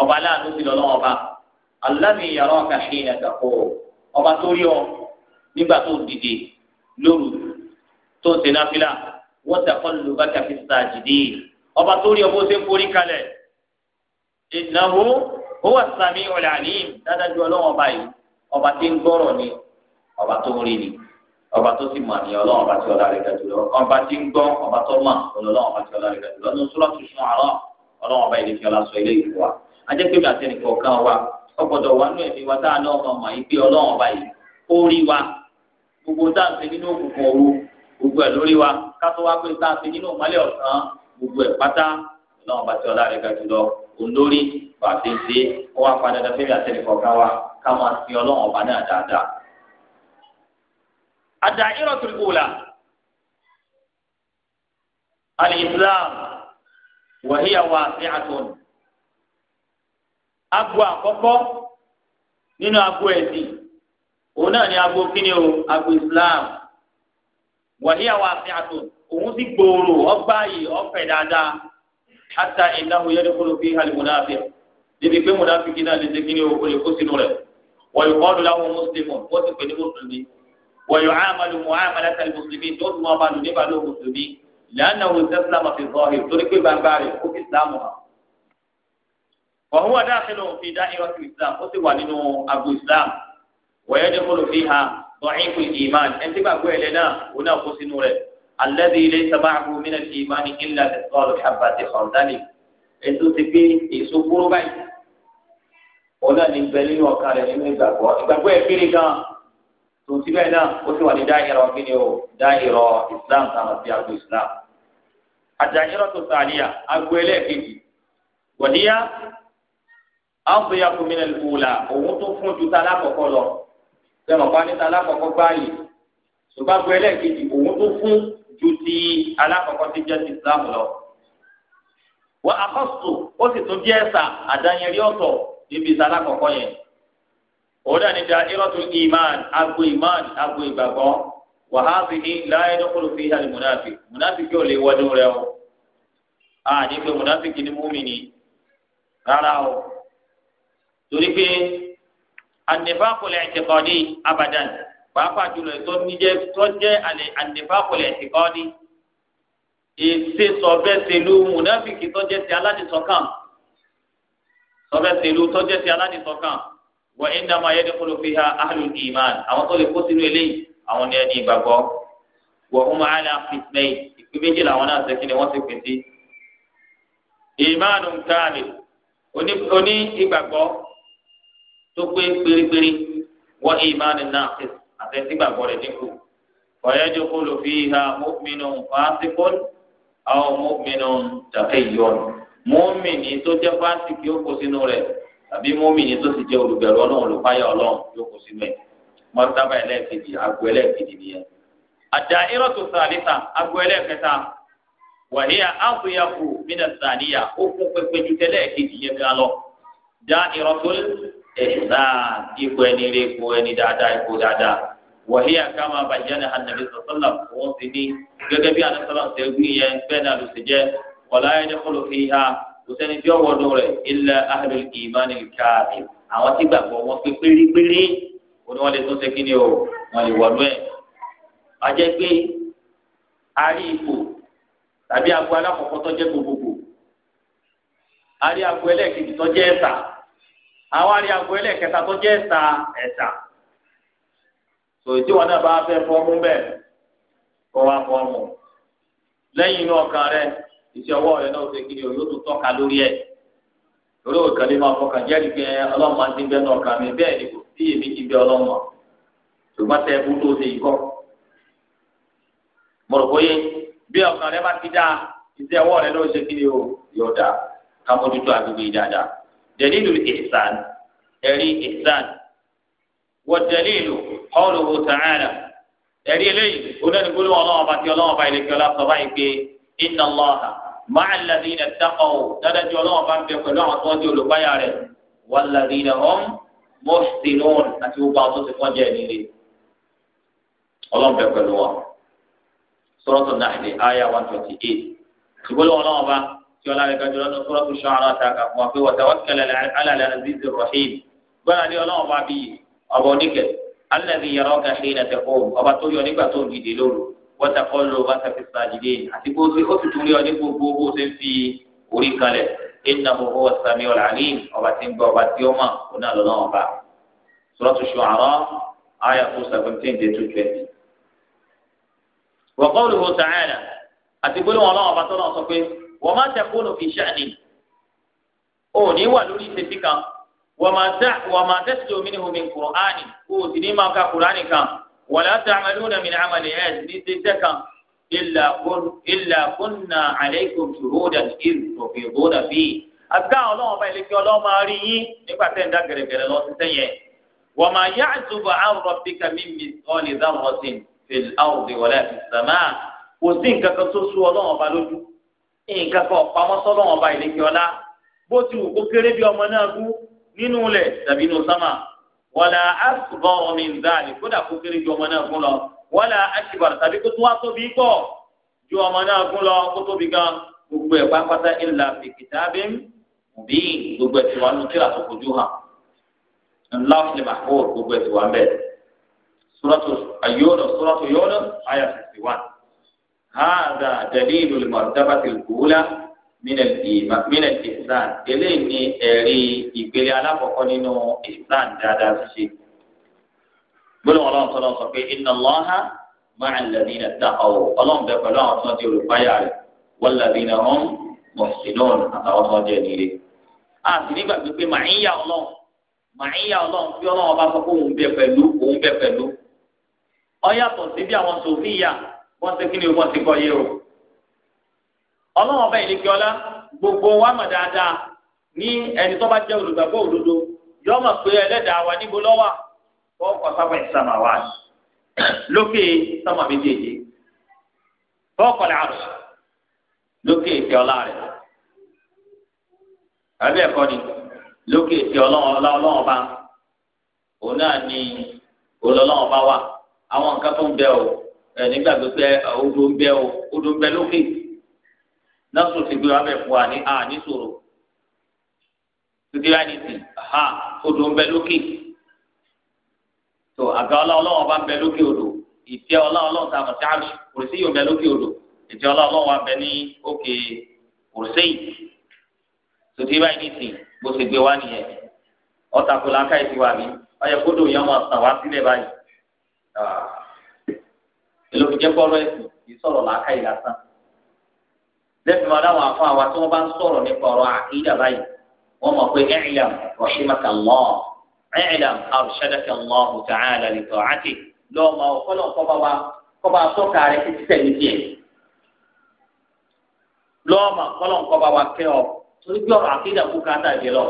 ọba aláàánú sí lọ́wọ́ bá alladhi yaraka hina taqum ọba tó rí ọ nígbà tó dìde lóru tó ń ṣe náfìlà wa taqallubaka fi sajidin ọba tó rí ọ bó ṣe ń forí kalẹ̀ innahu huwa as-sami'ul alim dáadáa ju ọlọ́wọ́ báyìí ọba tí ń gbọ́rọ̀ ni ọba tó ń rí ni ọba tó sì mọ̀ ni ọlọ́run ọba tí ọlá rẹ̀ ga jùlọ ọba tí ń gbọ́ ọba tó mọ̀ ọlọ́run ọba tí ọlá rẹ̀ ga jùlọ ní Sūratu Shu'arā ọlọ́run ọba ìlẹ̀kẹ́ ọlá sọ ilé ìlú wa ajẹ́pẹ́mi àti ẹnìkan kan wa ọgbọ́dọ̀ wa nú ẹ̀mí wa tá a náà mọ̀ mọ̀ yìí pé ọlọ́run ọba yìí ó rí wa gbogbo tá a ń ṣe nínú òkùnkùn òru gbogbo ẹ̀ lórí wa kátó wá pé tá a ṣe nínú ìmọ́lẹ̀ ọ̀sán gbogbo ẹ̀ pátá ọlọ́run ọba tí ọlá rẹ̀ ga jùlọ òun lórí bàtẹ́ ṣe ó wá padà àti ẹnìkan kan wa ká máa sin ọlọ́run ọba náà dáadáa. àdá al Islam, alìsílám wàhíyàwó àti àtún. agbo àkọ́kọ́ nínú agbo ẹ̀sìn òun náà ni agbo kíni o agbo islam wàhíyàwó àti àtún òun ti gbòòrò ọgbà yìí ọfẹ dáadáa hata ìnáwó yẹn ní kúrò fi hàlì múnáfíà débi pé múnáfíà kí náà lè ṣe kíni o kò lè kó sínú rẹ̀. ويقال له مسلم وتكون مسلمي ويعامل معاملة المسلمين دون ما بان نبال مسلمي لأنه استسلم في الظاهر ترك البنباري وفي إسلامها وهو داخل في دائرة الإسلام وسوى لنو أبو إسلام ويدخل فيها ضعيف الإيمان أنت بقول لنا هنا قسنوره الذي ليس معه من الإيمان إلا مثقال حبات خردل أنت تبي يسوع بروبين òun náà ní bẹ nínú ọkàn rẹ nínú ìgbàgbọ́ ìgbàgbọ́ ẹ̀ kéré gan tòun ti bẹ́ẹ̀ náà ó sì wà ní dáhìrọ̀ kíni o dáhìrọ̀ islam táwọn ti àgbo islam àdáhìrọ̀ tó sàlíyà àgbo ẹlẹ́ẹ̀kejì wọ̀níyà àǹfẹ̀yà kùmínà ìfowóla òun tó fún ju ta lákọ̀ọ́kọ́ lọ bẹ́ẹ̀ mọ̀ ní ta lákọ̀ọ́kọ́ gbáàyè ṣùgbọ́n àgbo ẹlẹ́ẹ̀kejì òun tó níbi ìsàlá kọ̀ọ̀kọ́ yẹn òun náà ní da irọ́tù iman agbo iman agbo ìgbàgbọ́ wàhálà ní láyé dọ́kọ̀lù fi hàn múnáfi múnáfi kí o lè wọ́n dún rẹ o a ní pé múnáfi kì ní múmìnì rárá o torí pé ànífàkùlẹ̀ ẹ̀tẹ̀kọ́ ní abadan pàápàá jùlọ tó ní jẹ́ tó jẹ́ ànífàkùlẹ̀ ẹ̀tẹ̀kọ́ ní èsè sọ̀bẹ́sẹ̀ ló múnáfi kì tó jẹ́ ti aládìsọ̀kàn sọfẹ sẹlu tọjẹ sí aládìsọkàn wọ ẹnìdàmọ ayédèkọlù fi ha ahlul iman àwọn tó lè kó sínú eléyìí àwọn ní ẹni ìgbàgbọ́ wọ ọmọ àlà fìtnẹyì ìpín méjì làwọn náà ṣe kí ni wọn ti pín sí. ìmánu káàlì oní ìgbàgbọ́ tó pé pérépéré wọ ìmánu náà àtẹ̀sí ìgbàgbọ́ rẹ̀ dínkù ọ̀yẹ́dẹ́kọlù fi ha mọ́mínú fásikọ́n àwọn mọ́mínú tàkẹ́yọ́nù. mọ́mìnì tó jẹ́ fásitì yóò kó sínú rẹ̀ tàbí mọ́mìnì tó sì jẹ́ olùbẹ̀rù ọlọ́run olùpáyà ọlọ́run yóò kó sínú ẹ̀ mọ́tàbà ẹlẹ́ẹ̀kejì agbo ẹlẹ́ẹ̀kejì nìyẹn. àdá irọ́tò sàlítà agbo ẹlẹ́ẹ̀kẹta wàhíà áfúyàfù mínà sàníyà ó kún pépé ju tẹ́lẹ̀kejì yẹn gan lọ. dá irọ́tò ẹ̀sà ipò ẹni rẹ̀ ipò ẹni dáadáa ipò dáadáa wàhíà káma bàjẹ́ ní wala yadkhulu fiha kò sẹ́ni tí ọwọ́ dùn rẹ̀ illa ahlul iman al-kamil àwọn tí gbàgbọ́ wọn pé pérépéré ó ní wọ́n lè tún ṣe kí ni o wọ́n lè wọ̀lú ẹ̀. àjẹ́ pé a rí ipò tàbí agbo alákọ̀ọ́kọ́ tó jẹ́ gbogbogbò a rí agbo ẹlẹ́ẹ̀kejì tó jẹ́ ẹ̀sà àwọn a rí agbo ẹlẹ́ẹ̀kẹta tó jẹ́ ẹ̀sà ẹ̀sà tòtí wọn náà bá fẹ́ fọ́ọ̀mù bẹ́ẹ̀ kó wá fọ́ọ̀mù lẹ́yìn inú ọkàn rẹ̀ iṣẹ́ ọwọ́ rẹ náà ṣe kiri o yóò tún tọ́ka lórí ẹ̀ lórí òkè ní máa fọkàn jẹ́rìí pé ọlọ́run máa ń dín bẹ́ẹ̀ náà kà mí bẹ́ẹ̀ ni kò sí èmi kì í bẹ ọlọ́run mọ̀ ṣùgbọ́n tẹ ẹbú tó ṣe yìí kọ́. mo rò bóyá bí ọkàn rẹ bá ti dáa iṣẹ́ ọwọ́ rẹ náà ṣe kiri o yóò dáa ká mójútó agbègbè dáadáa dẹ̀lílù ìsàn ẹ̀rí ìsàn wọ́n dẹ̀lílù qawluhu ta'ala ẹ̀rí eléyìí onánigbóló ọlọ́run ọba ti ọlọ́run ọba ìlẹ̀kẹ́ ọlá sọ inna Allaha máa lẹ́dí iná dákọ̀ o dáadájú ọlọ́wọ́n bá ń bẹ pẹ̀lú àwọn tó ń di olùbáyà rẹ̀ wà lẹ́dí iná hàn mọ́sítìlún àti gbogbo àwọn tó ti fọ́jà ẹ̀ nílé ọlọ́wọ́n bẹ pẹ̀lú wa sọ́rọ́tò nàìjíríà àyà one twenty eight ìgbóló ọlọ́wọ́n bá tí ọlá rẹ̀ gajù lọ́nà sọ́rọ́tò sọ́ọ́rọ́ àtàkà fún wa pé wọ́n tẹ̀wọ́ kẹlẹ̀ alẹ́ azizi rahim gbọ́dọ̀ ní ọlọ́wọ́n bá bí ọ̀bọ̀ oníkẹ́ alẹ́ wọ́tàkọ́ lọ bàtà fi sàdìdé àti kó o ti tún rí ọ ní gbogbo bó o ti ń fi orí kalẹ̀ ẹ̀nà owó sami ọ̀làlín ọba tí ń gbọ́ ọba tí ó mọ̀ òun náà lọ́nà ọba Suratu Shu'ara ayà tó seventeen dé two twenty. wa qawluhu ta'ala àti gbólóhùn ọlọ́wọ́n ọba tó náà sọ pé wa ma takunu fi sha'ni òní wà lórí ìṣesí kan wa tẹ́sí omi ní omi kùrọ̀ áàní kó o sì ní máa ka kùrọ̀ áàní kan wàlá ta'maluna min amali ẹ̀ ní tẹ́tẹ́ kan illa kunna alaykum shuhudan idh tufiduna fihi àti káwọn ọlọ́run ọba ìlẹ́kẹ́ ọlọ́run máa rí yín nígbà tẹ́ ń dá gẹ̀rẹ́gẹ̀rẹ́ lọ sí sẹ́yìn wọ́n máa yá àtúbọ̀ àwọn rọ̀bìkà mímí ọ̀lì dáhùrọ̀sìn fèlè àwòrán ìwọlé àti sàmà kò sí nǹkan kan tó sú ọlọ́run ọba lójú nǹkan kan ọ̀pamọ́ sọ́lọ́run wala asghar min dhalik kódà kó kéré ju ọmọ náà gún lọ wala akbar tàbí kó tó wá tóbi pọ̀ ju ọmọ náà gún lọ kó tóbi gan gbogbo ẹ̀ pápátá illa fi kitabim mubin gbogbo ẹ̀ ti wà nù tíra tó kojú hàn ńláfíì màkó gbogbo ẹ̀ ti suratu Yunus suratu Yunus àyà 61 hadha dalilul martabati al-ula mílẹ̀ ìsàn eléyìí ni ẹ̀rí ìpele alákọ̀ọ́kọ́ nínú ìsàn dáadáa ṣíṣe gbọ́dọ̀ ọlọ́run tọ́lọ́ sọ pé inna Allaha ma'a alladhina ttaqaw ọlọ́run bẹ pẹ̀lú àwọn tó ń di olùpáyà rẹ̀ walladhina hum muhsinun àtàwọn tó ń nílé. a sì nígbà pípé màá ń yà ọlọ́run màá ń yà ọlọ́run bí ọlọ́run bá sọ pé òun bẹ pẹ̀lú òun bẹ pẹ̀lú. ó yàtọ̀ sí àwọn sòfin yà wọ́n ti kí ni wọ́n ti kọ́ yé o ọlọ́run ọba ìlẹ́kẹ́ ọlá gbogbo wa mọ̀ dáadáa ní ẹni tó bá jẹ́ olùgbàgbọ́ òdodo yọ mọ̀ pé ẹlẹ́dàá wa níbo lọ́wà wọ́n kọ́ sábà ìsàmà wa lókè sọmọ méjèèjì wọ́n kọ́ làárọ̀ lókè ìkẹ́ ọlá rẹ̀ àbí ẹ̀kọ́ ni lókè ìkẹ́ ọlọ́run ọlá ọba òun náà ni ọlọ́run ọba wà àwọn nǹkan tó ń bẹ o nígbàgbọ́ pé odò ń bẹ o odò ń bẹ lókè nọ́ọ̀sù ti gbé wa bẹ̀ fún wa ní a ah, ní sòrò títí láì ti ha odò ń bẹ lókè tó àga ọlọ́ọ̀lọ́wọ́ bá ń bẹ lókè odò ìtẹ́ ọlọ́ọ̀lọ́wọ́ ta mọ̀ sí àrùsì kùrìsì yóò bẹ lókè odò ìtẹ́ ọlọ́ọ̀lọ́wọ́ bẹ ní òkè kùrìsì títí láì ní ti bó ti gbé wa nìyẹn ọ̀tàkùn làákàyè ti wà mí ọyẹ kódò yẹn máa sàn wá sílẹ̀ báyìí ah. èlò ìjẹ́pọ̀ rẹ̀ kì í sọ̀rọ̀ làákàyè lásán. lẹ́sìn máa dáwọn afọ àwa tí wọ́n bá ń sọ̀rọ̀ nípa ọ̀rọ̀ àkídà báyìí wọ́n mọ̀ pé ẹ̀ẹ́lẹ̀m rọ̀ṣímàkà lọ́ọ̀ ẹ̀ẹ́lẹ̀m àrùṣẹ́dàkà lọ́ọ̀hù tààlà lè tọ̀ àti lọ́ọ̀mọ̀ ọ̀kọ́lọ̀ kọ́ba wa kọ́ba sọ́ka rẹ̀ ti tẹ̀ ní tiẹ̀ lọ́ọ̀mọ̀ ọ̀kọ́lọ̀ kọ́ba wa kẹ́ ọ torí bí ọ̀rọ̀ àkídà kú káńtà jẹ lọ.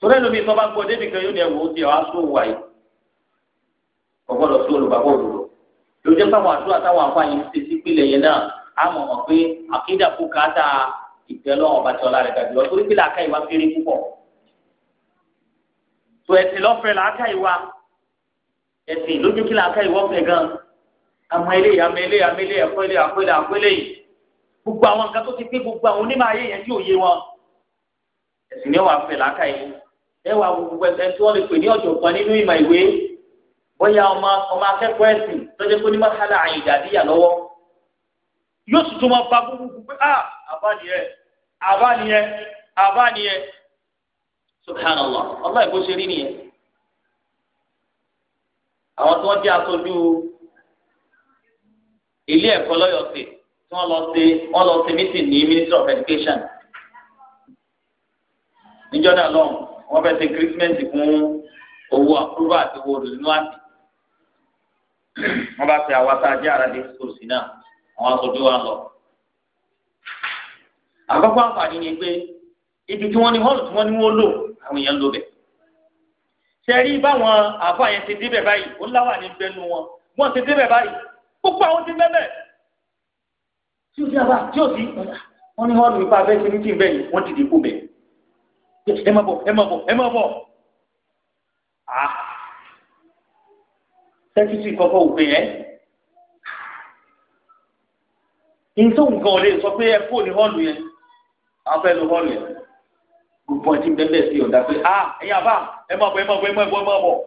torí ẹlòmí tó bá gbọ́ débi yóò ní ẹ̀wọ̀ ti ọ̀ ọ̀gbọ́dọ̀ ìpìlẹ̀ yẹn náà á mọ̀ mọ̀ pé àkídà kú káàtà ìtẹ́lọ́wọ̀n ọba tí ọlá rẹ̀ gàdú lọ torí pé làákà ìwà kéré púpọ̀ tó ẹ̀sìn lọ́fẹ̀ẹ́ làákà ìwà ẹ̀sìn lójú kí làákà ìwọ́ fẹ̀ gan àmọ́ ilé àmọ́ ilé àmọ́ ilé ẹ̀kọ́ ilé àkọ́ ilé àkọ́ ilé gbogbo àwọn nǹkan tó ti pé gbogbo àwọn onímọ̀ ayé yẹn tí ò wọn ẹ̀sìn ni wọ́n fẹ̀ làákà ìwọ́ ẹ wà gbogbo ẹsẹ̀ tí wọ́n lè pè ní ọ̀jọ̀gbọ́n nínú ìmọ̀ ìwé bóyá ọmọ ọmọ akẹ́kọ̀ọ́ ẹ̀sìn tó jẹ́ pé onímọ̀ yóò sì tún máa fa gbogbo pé ah àbániyẹ àbániyẹ àbániyẹ subhanallah ọlọ́ọ̀ ìbò ṣe rí nìyẹn àwọn tí wọ́n jẹ́ aṣojú ilé ẹ̀kọ́ lọ́yọ̀ọ́ tí wọ́n lọ sí wọ́n lọ sí mítìn ní ministry of education níjọ́ náà lọ́hùn wọ́n fẹ́ẹ́ ṣe christmas fún owó àkúrò àti owó olùdínú àti wọ́n bá fẹ́ àwọn tá a sọ̀rọ̀ sí náà àwọn aṣojú wa lọ. àkọ́kọ́ àǹfààní ni pé ibi tí wọ́n ní hall tí wọ́n ní wọ́n lò àwọn èèyàn lò bẹ̀. sẹ́rí báwọn àfọ àyẹn ti débẹ̀ báyìí ó láwà ní bẹnu wọn wọ́n ti débẹ̀ báyìí púpọ̀ àwọn ti bẹ́ẹ̀ tí o ti àbá tí o ti wọ́n ní hall nípa abẹ́ ti ní kí n bẹ́ẹ̀ wọ́n ti dìbò bẹ́ẹ̀ ẹ má bọ̀ ẹ má bọ̀ ẹ má bọ̀ ah. sẹ́kítì kọ́kọ́ òpin nítorí nǹkan ò lè sọ pé ẹ kó ní họ́ọ̀lù yẹn àwọn fẹ́ lo họ́ọ̀lù yẹn gbogbo ọtí bẹ́ẹ̀ sí ọ̀dà pé a ah, ẹ̀yin àbá ẹ má bọ̀ ẹ má bọ̀ ẹ má bọ̀ ẹ má bọ̀ wọ́n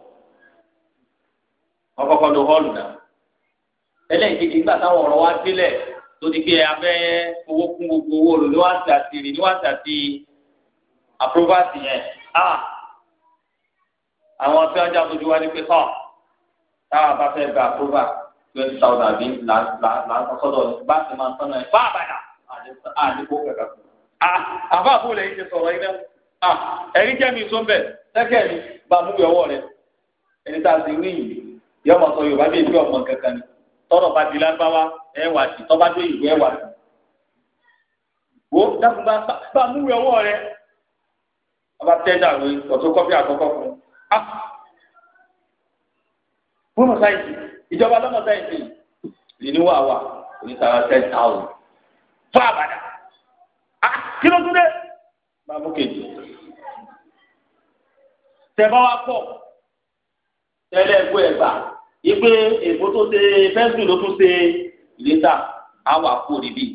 kọ́kọ́ lo họ́ọ̀lù náà ẹlẹ́ẹ̀kejì nígbà táwọn ọ̀rọ̀ wá délẹ̀ tó ti gbé abẹ́ owó kún gbogbo owó lò níwáṣí àti rè níwáṣí àti àprófàsì yẹn a ah! àwọn tí wọ́n já fojú wá ní pé ọ̀ táwọn abá gba àprófàsì twenty thousand àbí là là sọ́dọ̀ bá ti máa sọ́nà ẹ̀ fáà bàdà àdìpọ̀ kẹ̀kẹ́ fún àfa àbúrò lẹ́yìn ti sọ̀rọ̀ iná ẹ̀rí jẹ́ mi sọ bẹ́ẹ̀ sẹ́kẹ̀ mi bá mú ìyọwọ́ rẹ ẹni tá a ti rí yìí yọ ọmọ sọ Yorùbá bí èmi ọmọ kankan ni tọrọ bá di lágbáwá ẹ wà sí tọ́ba dé ìlú ẹ wà sí. wo dákun bá bá mú ìyọwọ́ rẹ ọba tẹ́ dàrú ọ̀tún kọ́fí àkọ́kọ́ fún un. wọ́n mọ̀ sáyẹ̀sì ìjọba lọ́nà sẹ́ǹtì ìníwà wà onítara ten thousand fún àbàdà kí ló tún dé máa mú kejì tẹ̀bá wa pọ̀ tẹ́lẹ̀ ẹ̀kọ́ ẹ̀gbà ipe èkó tó ṣe fẹ́ǹsì ló tún ṣe ìlẹ́ta àwà kú níbí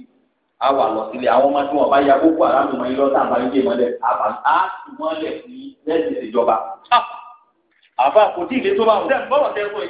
àwà lọ sílé àwọn ọmọ tí wọn bá ya gbogbo aráàlú mọ ilé ọ̀tá àbáyé dé mọ́lẹ̀ àbá á tù mọ́lẹ̀ ní lẹ́sìn ìjọba àfa kò tí ì tó bá wọn.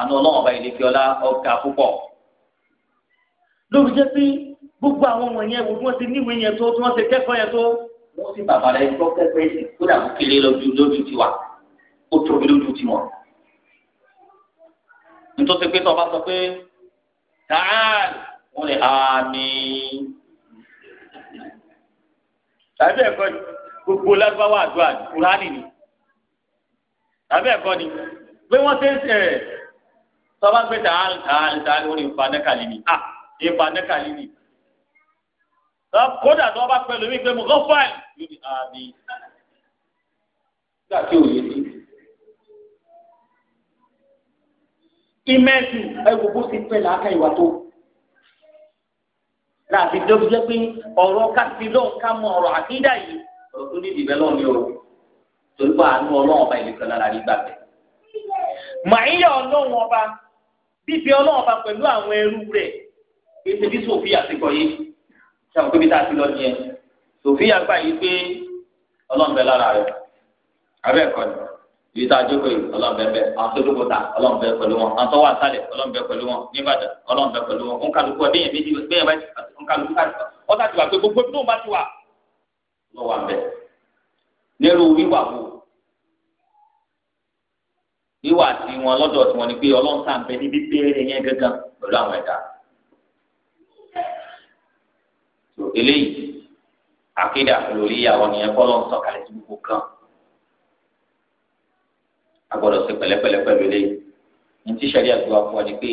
àánú ọlọ́wọ́n ọba ìdíkẹ́ ọlá ọ̀gá púpọ̀. lórí jẹ́ pé gbogbo àwọn ọmọ yẹn wo bí wọ́n ti níwèé yẹn tó tí wọ́n ti kẹ́kọ̀ọ́ yẹn tó. wọ́n sì bàbá rẹ̀ gbọ́ pẹ́pẹ́ sí kódà kó kéré lójú lójú tiwa ó tóbi lójú tiwọn. nítorí pé tó o bá sọ pé tààlì wọ́n lè àmì. tàbí ẹ̀kọ́ gbogbo lágbáwá àdúrà kúránì ni tàbí ẹ̀kọ́ ni pé wọ́n ṣe ń ṣe sọba gbé tààlì tààlì tààlì ó ní nfa nẹ́kàlì ni a nfa nẹ́kàlì ni kódà tó bá pẹ̀lú mi pé mo kọ́ fáìlì yóò di àmì nígbà tí òye ti. ìmẹ̀sì ẹ̀wò bó ti pẹ́ làákà ìwà tó. láti dọ́bi jẹ́ pé ọ̀rọ̀ kásìlọ́ọ̀ ká mọ ọ̀rọ̀ àkídà yìí ọ̀rọ̀ tó ní ìdìbẹ́lọ́ ni o torí pé àánú ọlọ́run ọba ìlú kan lára rí gbàgbẹ́. màá yẹ ọlọ́run ọba bíbi ọlọ́run bá pẹ̀lú àwọn ẹrú rẹ̀ ètò bí sòfíà ti kọ̀ yìí sàmù pé tá a ti lọ nìyẹn sòfíà gbà yìí pé ọlọ́run bẹ lára rẹ̀ abẹ́ ẹ̀kọ́ ni èyí tá a jókòó yìí ọlọ́run bẹ bẹ àwọn tó dókòó ta ọlọ́run bẹ pẹ̀lú wọn àwọn tó wà sálẹ̀ ọlọ́run bẹ pẹ̀lú wọn nìbàdàn ọlọ́run bẹ pẹ̀lú wọn òǹkàlùkù ọdẹ́yìn méjì bẹ́ẹ̀ bá òǹkàlùkù ọ̀tá ti wà pé gbogbo ibi tó ń bá ti wà lọ́wọ́ àbẹ̀ nírú wíwà wíwà tí wọn lọ́dọ̀ tí wọn ni pé ọlọ́run tá à ń bẹ níbi péré yẹn gángan pẹ̀lú àwọn ẹ̀dá. tó eléyìí àkéde àfọlórí ìyàwó nìyẹn kọ́ lọ́n sọ̀kalẹ̀ sí gbogbo kan. a gbọ́dọ̀ ṣe pẹ̀lẹ́pẹ̀lẹ́ eléyìí. ní tí sẹ́rí àgbéwá fún ọ ni pé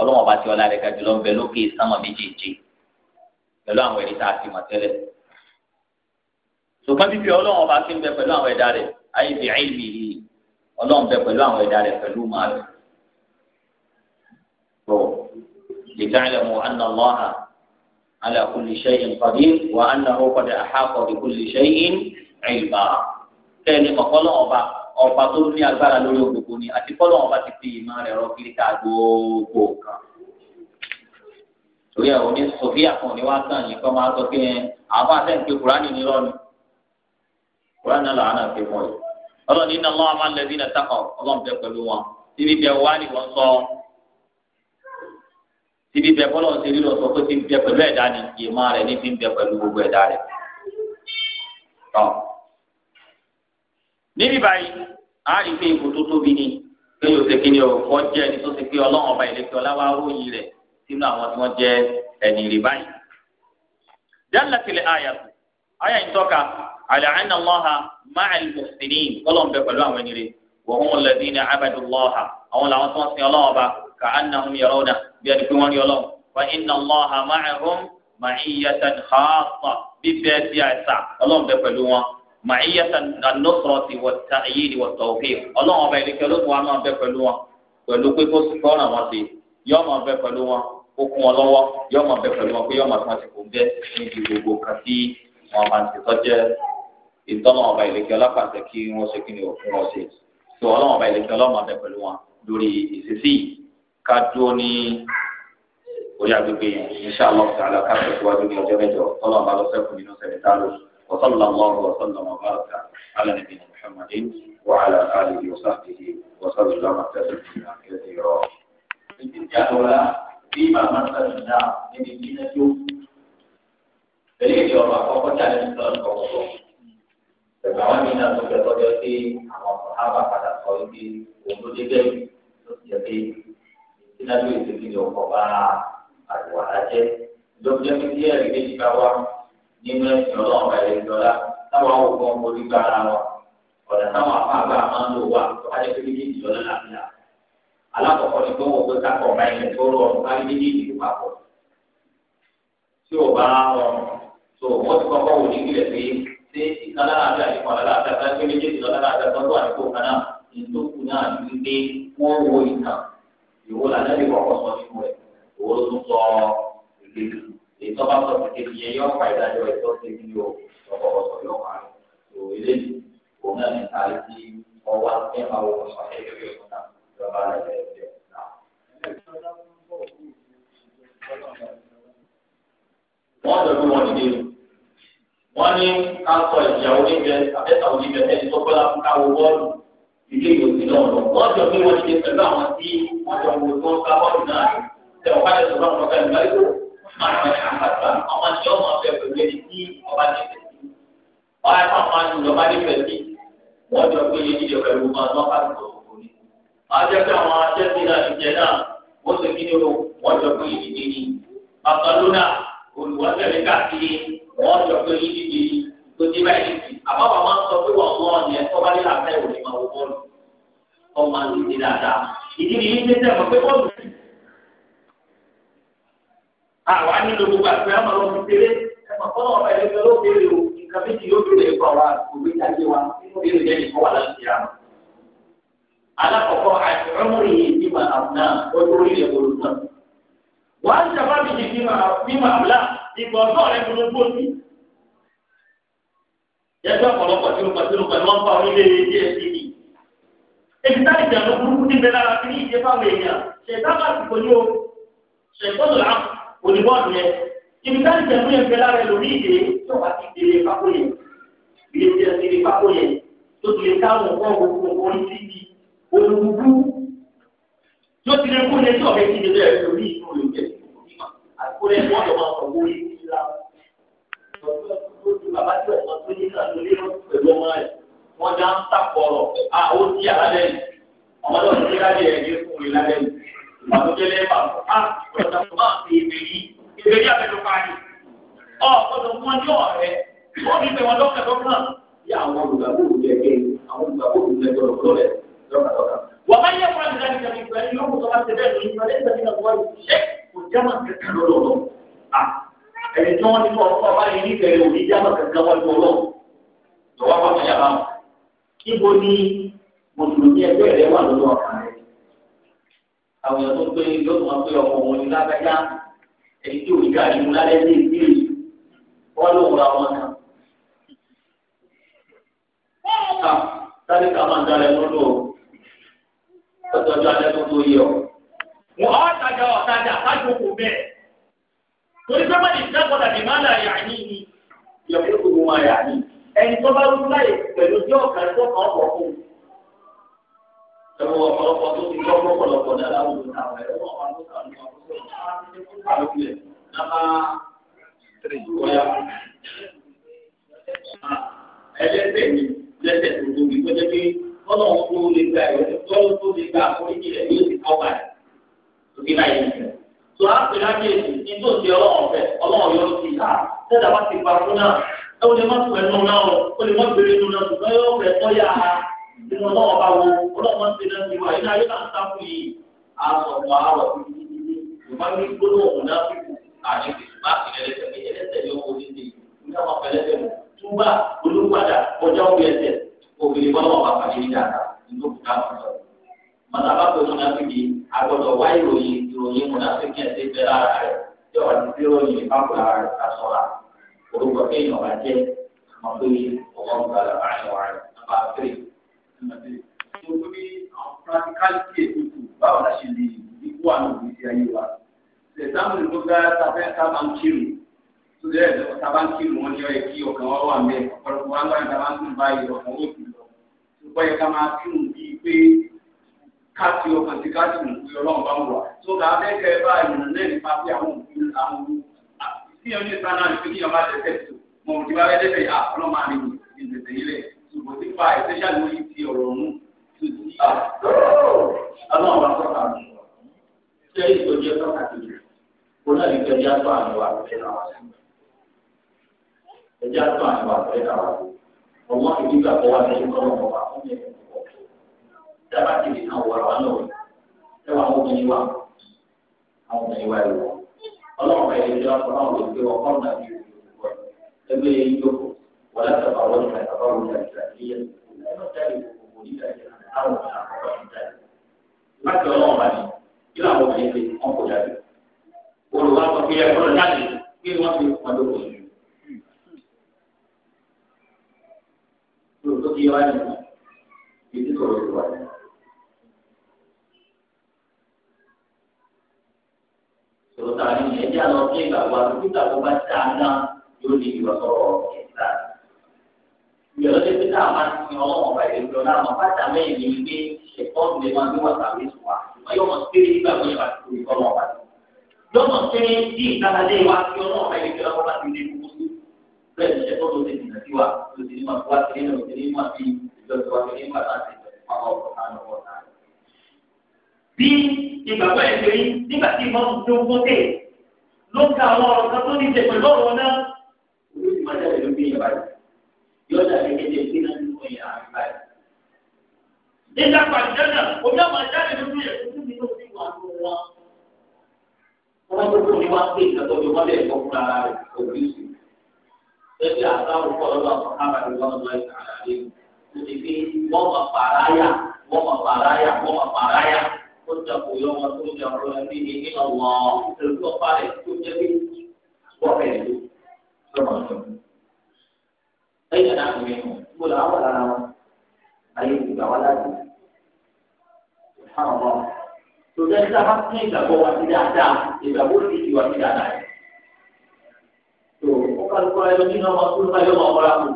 ọlọ́run ọba tí ọlá rẹ̀ ga jùlọ ń bẹ lókè sánmà méjèèjì pẹ̀lú àwọn ẹ̀dá tá a ti mọ̀ tẹ́lẹ̀. ṣùgbọ́n bíbí ọlọ́run ọba ti ń bẹ pẹ̀lú àwọn ẹ̀dá rẹ̀ ayé bíi ọlọ́run bẹ pẹ̀lú àwọn ẹ̀dá rẹ̀ pẹ̀lú màálù. tó لتعلموا أن الله على كل شيء قدير وأنه قد أحاط بكل شيء علما kẹ́ni mọ̀kọ́lọ́ ọba ọba tó ní agbára lórí gbogbo ni àti kọ́lọ́ ọba ti fi ìmọ̀ rẹ̀ rọ kiri ká gbogbo kan. torí ẹ̀ o ní sofia kan ní wàá tàn yìí kọ́ máa sọ pé àwọn afẹ́ ń pe kúránì ní lọ́nu kúránì náà làwọn náà fi mọ̀ yìí ọlọ́ni iná lọ́wọ́ máa ń lẹ́bí iná takọ̀ ọlọ́run bẹ pẹ̀lú wọn síbi bẹ wá ni wọ́n sọ síbi bẹ bọ́lọ̀ ṣe rí lọ sọ pé ti ń bẹ pẹ̀lú ẹ̀dá ni ìmọ̀ rẹ̀ ní bẹ pẹ̀lú gbogbo ẹ̀dá rẹ̀ tọ́ níbi báyìí a rí pé ipò tó tóbi ni pé yóò ṣe kí ni o wọ́n ẹni tó ṣe pé ọlọ́run ọba ìlẹ́kẹ́ ọláwá ròyìn rẹ̀ sínú àwọn tí wọ́n jẹ́ ẹni rí báyìí. jẹ́ àlàáhìn aláha máàl mùsùlùmí kọ́lọ̀ ń bẹ pẹ̀lú àwọn ènìyàn wọ́n wọn lè dín ní abadu lọ́ha àwọn làwọn tó ń sin ọlọ́wọ́ bá kà á nà hum yẹrọ náà bí ẹni pé wọ́n rí ọlọ́wọ́ fa iná lọ́ha máàhùn màáyíyàtàn xaasa bíbẹ́ sí àṣà ọlọ́wọ́ bẹ pẹ̀lú wọn màáyíyàtàn nusrati wà tàyíri wà tawfiq ọlọ́wọ́ bá ilé kẹlẹ́ tó wà máa bẹ pẹ̀lú wọn pẹ̀lú pé kó sùkọ́ra wọn sí yọ máa bẹ pẹ̀lú wọn kó kún wọn lọ́wọ́ yọ máa bẹ pẹ̀lú wọn pé ìtọ́nà ọba ìlẹ́kẹ́ ọlápàṣẹ kí wọ́n ṣe kí ni òfin wọn ṣe tó ọlọ́wọ́n ọba ìlẹ́kẹ́ ọlọ́mọ abẹ pẹ̀lú wọn lórí ìṣesí ká dúró ní orí agbègbè yẹn inṣàlọ́ tààlà ká tẹ̀síwájú ní ọjọ́ mẹ́jọ tọ́lọ́ ọba lọ́sẹ̀kùn nínú sẹ̀mítàlù وصلى الله وسلم وبارك على نبينا محمد وعلى اله وصحبه وسلم تسليما كثيرا. الجدول فيما من الدين اليوم. eléyìí ọ̀rọ̀ àkọ́kọ́ tí a lè sọ ọ̀rọ̀ ẹ̀gbọ́n wọn mi náà tó fẹ́ pé àwọn ọ̀hábà padà sọ wípé òun ló dé bẹ́ẹ̀ ló ti jẹ́ pé sínájú ìṣèlú ni ọkọ̀ bá àdùwà lájẹ́ lójó ní díẹ̀ rí méjì bá wá nínú ẹ̀sìn ọlọ́run ẹ̀rẹ́ ìjọba táwọn òkú ọmọ orí bá ara wọn ọ̀dà táwọn afáàgbà máa ń lò wá tó wáyé pé méjì ìjọba làbíyà alákọ̀ọ́kọ́ ni pé pé kákọ̀ọ́ máa ilẹ̀ tó rọrùn ká bá ṣé ìkànnà àti àyíkọ̀ àlàáfíà tá a gbé méjèèjì lọ́dọ̀ àlàáfíà tọ́jú àyíkọ̀ kan náà ìtòkù náà ní wípé wọ́n wo ìtàn ìwò lànà lè kọ́kọ́ sọ nínú ẹ̀ òwò tó sọ ìgbésù ètò bá sọ kékeré yẹn yọ ọ̀pá ìdájọ́ ẹ̀tọ́ sí ibi yóò lọ́kọ̀ọ́ sọ yọ ọ̀pá rẹ̀ tó ilé òun náà ní sáré sí ọwọ́ ẹ̀ máa wọ sọ ẹ̀kẹ́rẹ́ ọ̀hún náà lọ́ba wọ́n jọ bí wọ́n dìde wọ́n ní ká sọ ìyàwó níbẹ̀ abẹ́tàwó níbẹ̀ ẹni tó kọ́lá fún káwọ bọ́ọ̀lù ilé ìwòsàn náà lọ. wọ́n jọ bí wọ́n ṣe pẹ̀lú àwọn tí wọ́n jọ wo tó ń ká bọ́ọ̀lù náà tẹ̀ wọ́n kájọ sọ̀rọ̀ ọ̀gá ìgbàlódé máa ń rìn àkàtà ọmọ tí ọmọ ọ̀fẹ́ pẹ̀lú ẹni tí ọba nífẹ̀ẹ́ sí. ọ̀rẹ́ kan máa ń lọ bá nífẹ̀ẹ́ sí wọ́n jọ pé yé ní. máa wọ́n jọ wọ́n sọ pé yíyí di tó dé báyìí nìyí àmọ́ màmá sọ pé wọ́n mọ́ ọ̀nì ẹ̀ tọ́ bá nílà fẹ́ òní máa wọ bọ́ọ̀lù kọ́ máa ń dìde dáadáa ìdí ni yíyí tẹ́ mọ̀ pé bọ́ọ̀lù rẹ̀ àwa nílò gbogbo àti àmọ́ ló fi tẹ́lẹ̀ ẹ̀mọ̀ fọ́nà ọ̀rọ̀ ẹ̀ lọ́wọ́ béèrè o nǹkan méjì yóò béèrè ẹ̀kọ́ wa òwe jáde wa nínú béèrè jẹ́ nìkan wà láti ra alákọ̀ọ́kọ́ àti ọmọrin yìí bímọ àbúná ọdún orílẹ̀ olùkọ́ wàá ń sábà bìí bímọ àbúlá ìgbà ọ̀dọ́ rẹ ló gbó sí. Yẹ́sẹ̀ ọ̀pọ̀lọpọ̀ tí ó pàṣẹ ló pẹ̀lú wọn pa onílé DSTV. Èmi táyì jà ló burúkú ní bẹ́ẹ̀ lára fi ní ìjẹ́ fáwọn èèyàn. Ṣèǹtà bá ti kò ní o. Ṣèǹtọ́nù là kò ní bọ́ọ̀lù yẹn. Èmi táyì jà ló yẹn bẹ́ẹ̀ lára lórí ìdè tí ọba ti dèrè pákó yẹn. Ilé tí a ti dèrè pákó yẹn tó ti lè àkúrẹ́ wọn lọ máa fọwọ́ yìí ní ìlà ọ̀dọ́ tó ju bàbá tí ọ̀pọ̀ tó ní ìlà lórí pẹ̀lú ọmọ rẹ̀ wọ́n já ń tàkọ̀rọ̀ à ó ti yàrá lẹ́yìn ọmọ náà ti yàrá lẹ́yìn ní fún ìlà lẹ́yìn ìbànújẹ́ lẹ́yìn bá a ọ̀dọ́ tó máa fi ìbè yìí ìbè yìí àbẹ̀lẹ̀ parí ọ̀ ọ̀dọ̀ wọn ní ọ̀rẹ́ wọ́n ní pé wọn lọ́kẹ̀ lọ́kàn yà àwọn olùgbàgbọ́ olùgbẹ́gbẹ́ àwọn olùgbàgbọ́ olùgbẹ́gbẹ́ lọ́kọ̀ọ́lẹ̀ lọ́kàlọ́kà. wàá yẹ fún àgbẹ̀dá nígbà nígbà yóò mú sọ́kà tẹ̀lé ìlú ìgbà lẹ́sẹ̀ nínú àwọn ìṣẹ́ jámà kankan lọ́dọ̀ lọ. ẹni tí wọ́n ti fọ ọkọ ọba yìí níbẹ̀rẹ̀ òní jámà kankan wọ́n lọ lọ. lọ́wọ́ wọn ti yàrá wọn. níbo ni mùsùlùmí ẹgbẹ́ rẹ wà lọ́dọ̀ ọ̀kan rẹ? àwọn èèyàn tó ń gbé yóò tún wọn pé ọkọ wọn ní lágbájá èyí tí òní káàdì mú lálẹ́ ní ìbílẹ̀ wọ́n ló wọ àwọn kan. sáré ká máa ń darẹ̀ lọ́dọ̀ ọ̀tọ́jú alẹ́ tó tó yẹ ọ́ ọ̀tajà ọ̀tajà kájọpò bẹ́ẹ̀ torí pé má ní ìdákọ̀dà ní má là yà ní ni ìyọ̀kẹ́ kò mú máa yà ní ẹni tó bá rú láyè pẹ̀lú tí ọ̀kà tó kàn ọ̀pọ̀ fún un. ẹ̀wọ̀n ọ̀pọ̀lọpọ̀ tó ti lọ́ pọ̀lọpọ̀ ní aláwùjọ náà ẹ̀wọ̀n ẹlẹ́sẹ̀ mi lẹ́sẹ̀ tó tóbi tó jẹ́ pé ọlọ́run tó lè gba ẹ̀rọ tó lè gba àforíjì rẹ̀ yóò ti kọ́ báyìí òbí náà yẹn fẹ́. tó a pè láti èsì ní tó ti ọlọ́run fẹ́ ọlọ́run yóò ti ta sẹ́dá bá ti pa fún náà ẹ o lè má tu ẹnu náà o o lè má gbèrè nu náà ṣùgbọ́n yóò fẹ́ tọ́ yà á nínú ọlọ́run bá wo ọlọ́run ti náà ti wá iná ayé náà sá fún yìí a sọ fún àwọ̀ yorùbá ní gbólóhùn náà fi kù àti ìgbà ìrẹ̀lẹ̀sẹ̀ ìrẹ̀lẹ̀sẹ̀ yóò wọlé ní ìgbà wọn fẹ́lẹ́ fẹ́ mu túbà olùpadà ọjọ́ òbí ẹsẹ̀ òbí ni bọ́lá wọn bá pàdé ní dáadáa ìlú òkúta ọ̀sán mọ́tà bá tó múnafíkì àgbọ̀dọ̀ wá ìròyìn ìròyìn múnafíkì ẹ̀sẹ̀ bẹ́ẹ̀ lára rẹ̀ yọ wá sí ìròyìn ìfàkùn lára rẹ̀ kásọ̀ra orúkọ kéèyàn bá jẹ́ ọmọ pé ọmọ ń gbàdá àárín wa rẹ̀ nàbà tírì. mo tún ní àwọn practicality ètò báwo la ṣe lè ikú àwọn òbí ayé wa. ṣèṣàmù ni mo gbá sábẹ́ sábà ń kírun tó dé ẹ̀dọ́ sábà ń kírun wọn ní ọ̀yẹ́ kí ọkàn wọn wà mẹ́ ọ̀pọ̀lọpọ̀ wọn gbá sábà ń kírun báyìí ọkàn wọn kì í lọ. ṣùgbọ́n yẹ ká káàkiri ọkàn tí káàkiri òkú ọlọ́run bá ń wà tó ká abẹ́kẹ́ bá ìrìnà náà nípa bí àwọn òkú àwọn òkú tíyan ní ìta náà nípa kíyan bá tẹ̀sẹ̀ tó mọ̀ òkú bá bẹ́ẹ̀ tẹ̀sẹ̀ yà ọlọ́run máa rìn ìtẹ̀sẹ̀ yìí lẹ̀ ṣùgbọ́n tí fa ìṣẹ́ṣà lórí ti ọ̀rọ̀ ọ̀hún tó ti yà ọlọ́run bá tọ́ka mi ṣé ìtọ́jú tọ́ka ti rẹ̀ kó náà ní kẹjá tó àyẹ̀wò àtẹ̀lẹ́ dábàá ti lè kàn wọ̀rọ̀ wa lọ́wọ́ ẹwà àwọn obìnrin wa àwọn obìnrin wa ẹ̀rọ ọlọ́run bá yẹ kí ọkọ̀ náà lè gbé ọkọ̀ náà ní ìgbòho ẹgbẹ́ yẹn yókù wọ́n láti bá wọ́n ní àgbà wọ́n ní àgbà yẹ ẹ̀rọ jáde gbogbo nígbà yẹn àwọn àkọ́kọ́ ti jáde. láti ọlọ́run bá ní kí làwọn obìnrin ti kàn kó jáde olùwà sọ pé ẹ̀kọ́ tó ta ní ìyẹn jẹ́ àlọ́ fún ìgbàgbọ́ àti ìgbàgbọ́ bá dáa náà yóò ní ìwà sọ̀rọ̀ ẹ̀ta. ìyọ̀lọ́ lè fi tá a máa ń sin ọlọ́wọ́n bá ìlú lọ láwọn bàtà mẹ́rin ní wípé ẹ̀kọ́ ìlẹ̀ máa gbé wà tàbí sùn wá ṣùgbọ́n yóò mọ̀ sí ìgbàgbọ́ yẹn bá ti kó ìkọ́ lọ́mọ kiri tí ìtàkàdé wa fi ọlọ́run ní ṣẹ́kọ́ tó tó ti ní ma fi wá kiri ní ma fi bí ìgbàgbọ́ ẹ̀ ṣe rí nígbà tí ìmọ̀ tó ń gbókè ló ń ka àwọn ọ̀rọ̀ kan tó ní ṣe pẹ̀lú ọ̀rọ̀ náà olú ti máa jáde ló gbé yẹn báyìí yóò dàbí kéde pé náà nínú ẹ̀yà àárín báyìí. nígbà pàṣẹ náà omi àwọn àjáde ló gbé yẹn fún mi tó fi wà nù wọn. wọ́n tó kún ní wá pé ìtàkọ́ mi wọ́n bẹ̀rẹ̀ fún rẹ̀ òbí sí. lẹ́sẹ̀ àtàwọn kọ́ àwọn arábàlú wọn lọ́wọ́ واتقوا يوما ترجعون فيه الى الله الفقراء تجد وخير أين نحن منهم؟ قل أول أنا أيدك ولا سبحان الله تدخل حقني تقوى وتدعدا إذا قلت وتدعدا kálukọ ẹ lómi náà máa kúrò káyọ̀ máa wọlé àpò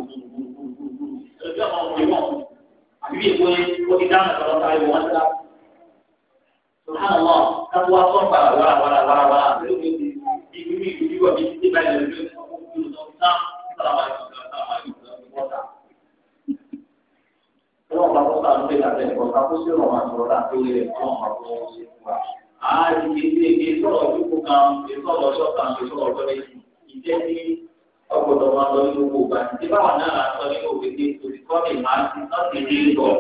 ẹgbẹ́ àwọn ọmọ ìwọ̀n àbí èkó yẹn ó ti dáhùn àtàwọn káyọ̀ wọn dáa. Subhanallah, káfí wá sọ́n padà wàrà wàrà wàrà wàrà pẹ̀lú mi ti bí bí bí bí wà bí ti báyìí lórí ọ̀sán ọ̀hún tó ń tán sábà máa ń sọ̀rọ̀ sábà Ọlọ́run bá tó sáà ń gbé làbẹ́ ẹ̀kọ́ ká kó sí ọ̀rọ̀ máa sọ̀rọ̀ láti orí rẹ̀ ọlọ́run bá tó wọ́n ṣe fún wa. Ààrẹ kéde èké sọ̀rọ̀ ìdúkú kan, ìsọ̀rọ̀ ọjọ́ kan, ìsọ̀rọ̀ ọjọ́ méjì. Ìjẹ́ ní ọgbọ̀dọ̀ máa lọ ní gbogbo ìgbà. Ìjẹ́ báwọn náà la sọ ní òwe pé òṣìkọ́ lè máa ti sọ́ọ̀tì ní ìgbọ̀.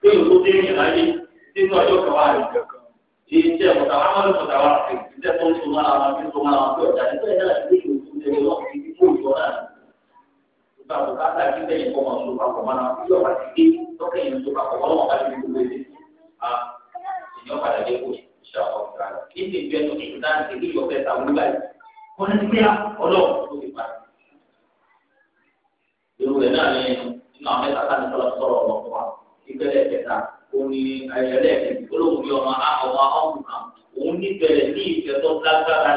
Pé òkú dé ní ìráyè nínú ọjọ́ kẹwàá rẹ̀ èyí jẹ́ mọ̀tà amadu mọ̀tà wà pé ìjẹ́ tó ń so máa wọn fi so máa wọn fi ọ̀jà nígbà yẹn láti gbé ìlú tó lè lọ́ọ̀ fi kó ìjọ náà nígbà tó bá ta kí bẹ́ẹ̀ kọ́ máa so papọ̀ máa náà yóò wá ti dé lọ́kẹ́ yẹn so papọ̀ máa wọn bá ti gbogbo ẹ̀ a ènìyàn padà dé kó ìṣà ọ̀gá kí ni ìgbẹ́ tó ti dá ìdí ìyọ̀fẹ́ ta wúlò báyìí wọ́n ti gbé ọlọ́ọ̀ tó ti pa ìrù rẹ̀ náà ní ni ayẹlẹ gbólóhùn bíi ọmọ ọmọ ọkùnrin òun níbẹ̀rẹ̀ ní ìfẹ́ tó lágbára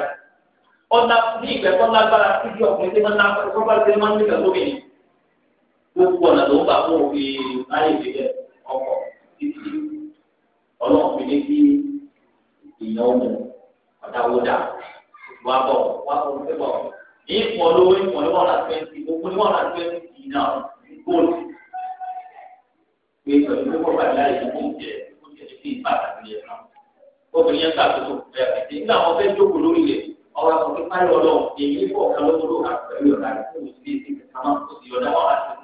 ọ̀nà ní ìfẹ́ tó lágbára síbi ọkùnrin tí wọ́n náà tó bá ti máa ń nífẹ̀ẹ́ lómi ni gbogbo ọ̀nà tó ń bà fún òfin láyé ìfẹ́ ọkọ̀ títí ọlọ́run fi ní kí ìyàn ọmọ ọ̀dáwọ́dà wà bọ̀ wà bọ̀ fẹ́ bọ̀ ní ìpọ̀ lówó ìpọ̀ lówó ọ̀nà twenty gbogbo ní ọ̀nà twenty náà gold pé pẹ̀lú pé wọ́n bá dá ìdíkò jẹ kó jẹ sí ìfà àtàkùn yẹn náà. obìnrin yẹn ṣàkóso rẹ̀ àti nígbà wọn fẹ́ jókòó lórí rẹ̀ ọwọ́ àwọn tó páyọ̀ lọ èyí pọ̀ kan ló dúró àpẹẹrẹ ọ̀la rẹ̀ fún mi sí ìsìn kan máa kó sí ọ̀dà wọn àti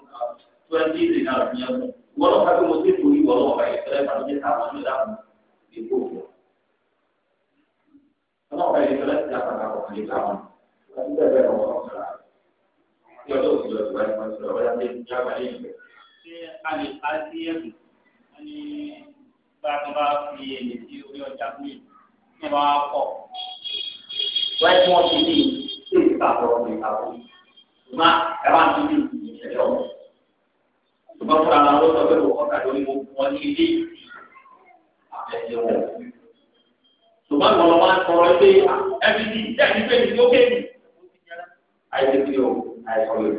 twenty three náà ní ẹ̀kọ́. wọ́n lọ kápẹ́ mo ti torí wọ́n lọ́wọ́ báyìí fẹ́rẹ́ bá lóye táwọn ọ̀dọ́ dàbò ìgbò fún un. ọlọ́wọ́ báyìí fẹ́rẹ́ ti dá padà kọ̀ kàn lè láwọn wọ́n ti bẹ̀rẹ̀ ọ̀rọ̀ ọ̀sán ṣé a lè pa sí ẹ̀bùn wọn ní bá a tó bá fi èlé sí orí ọjà fún yìí ní ẹ̀ bá wá pọ̀. wọ́n ti wọ́n ti ní ṣé ìtàkùn ọ̀gbìn ìtàkùn ṣùgbọ́n ẹ bá ń tún ní ìṣẹ̀lẹ̀ ọ̀hún. ṣùgbọ́n fúnra wọn ló sọ pé kò kọ́ta lórí mo wọ́n ní ilé àfẹ́sẹ̀ wọn. ṣùgbọ́n ìwọ̀n wa ń sọ̀rọ̀ pé ẹ̀mí ti pé ní ókè ní. àìsèkiri o àìsọ̀rọ̀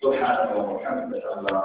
سبحانه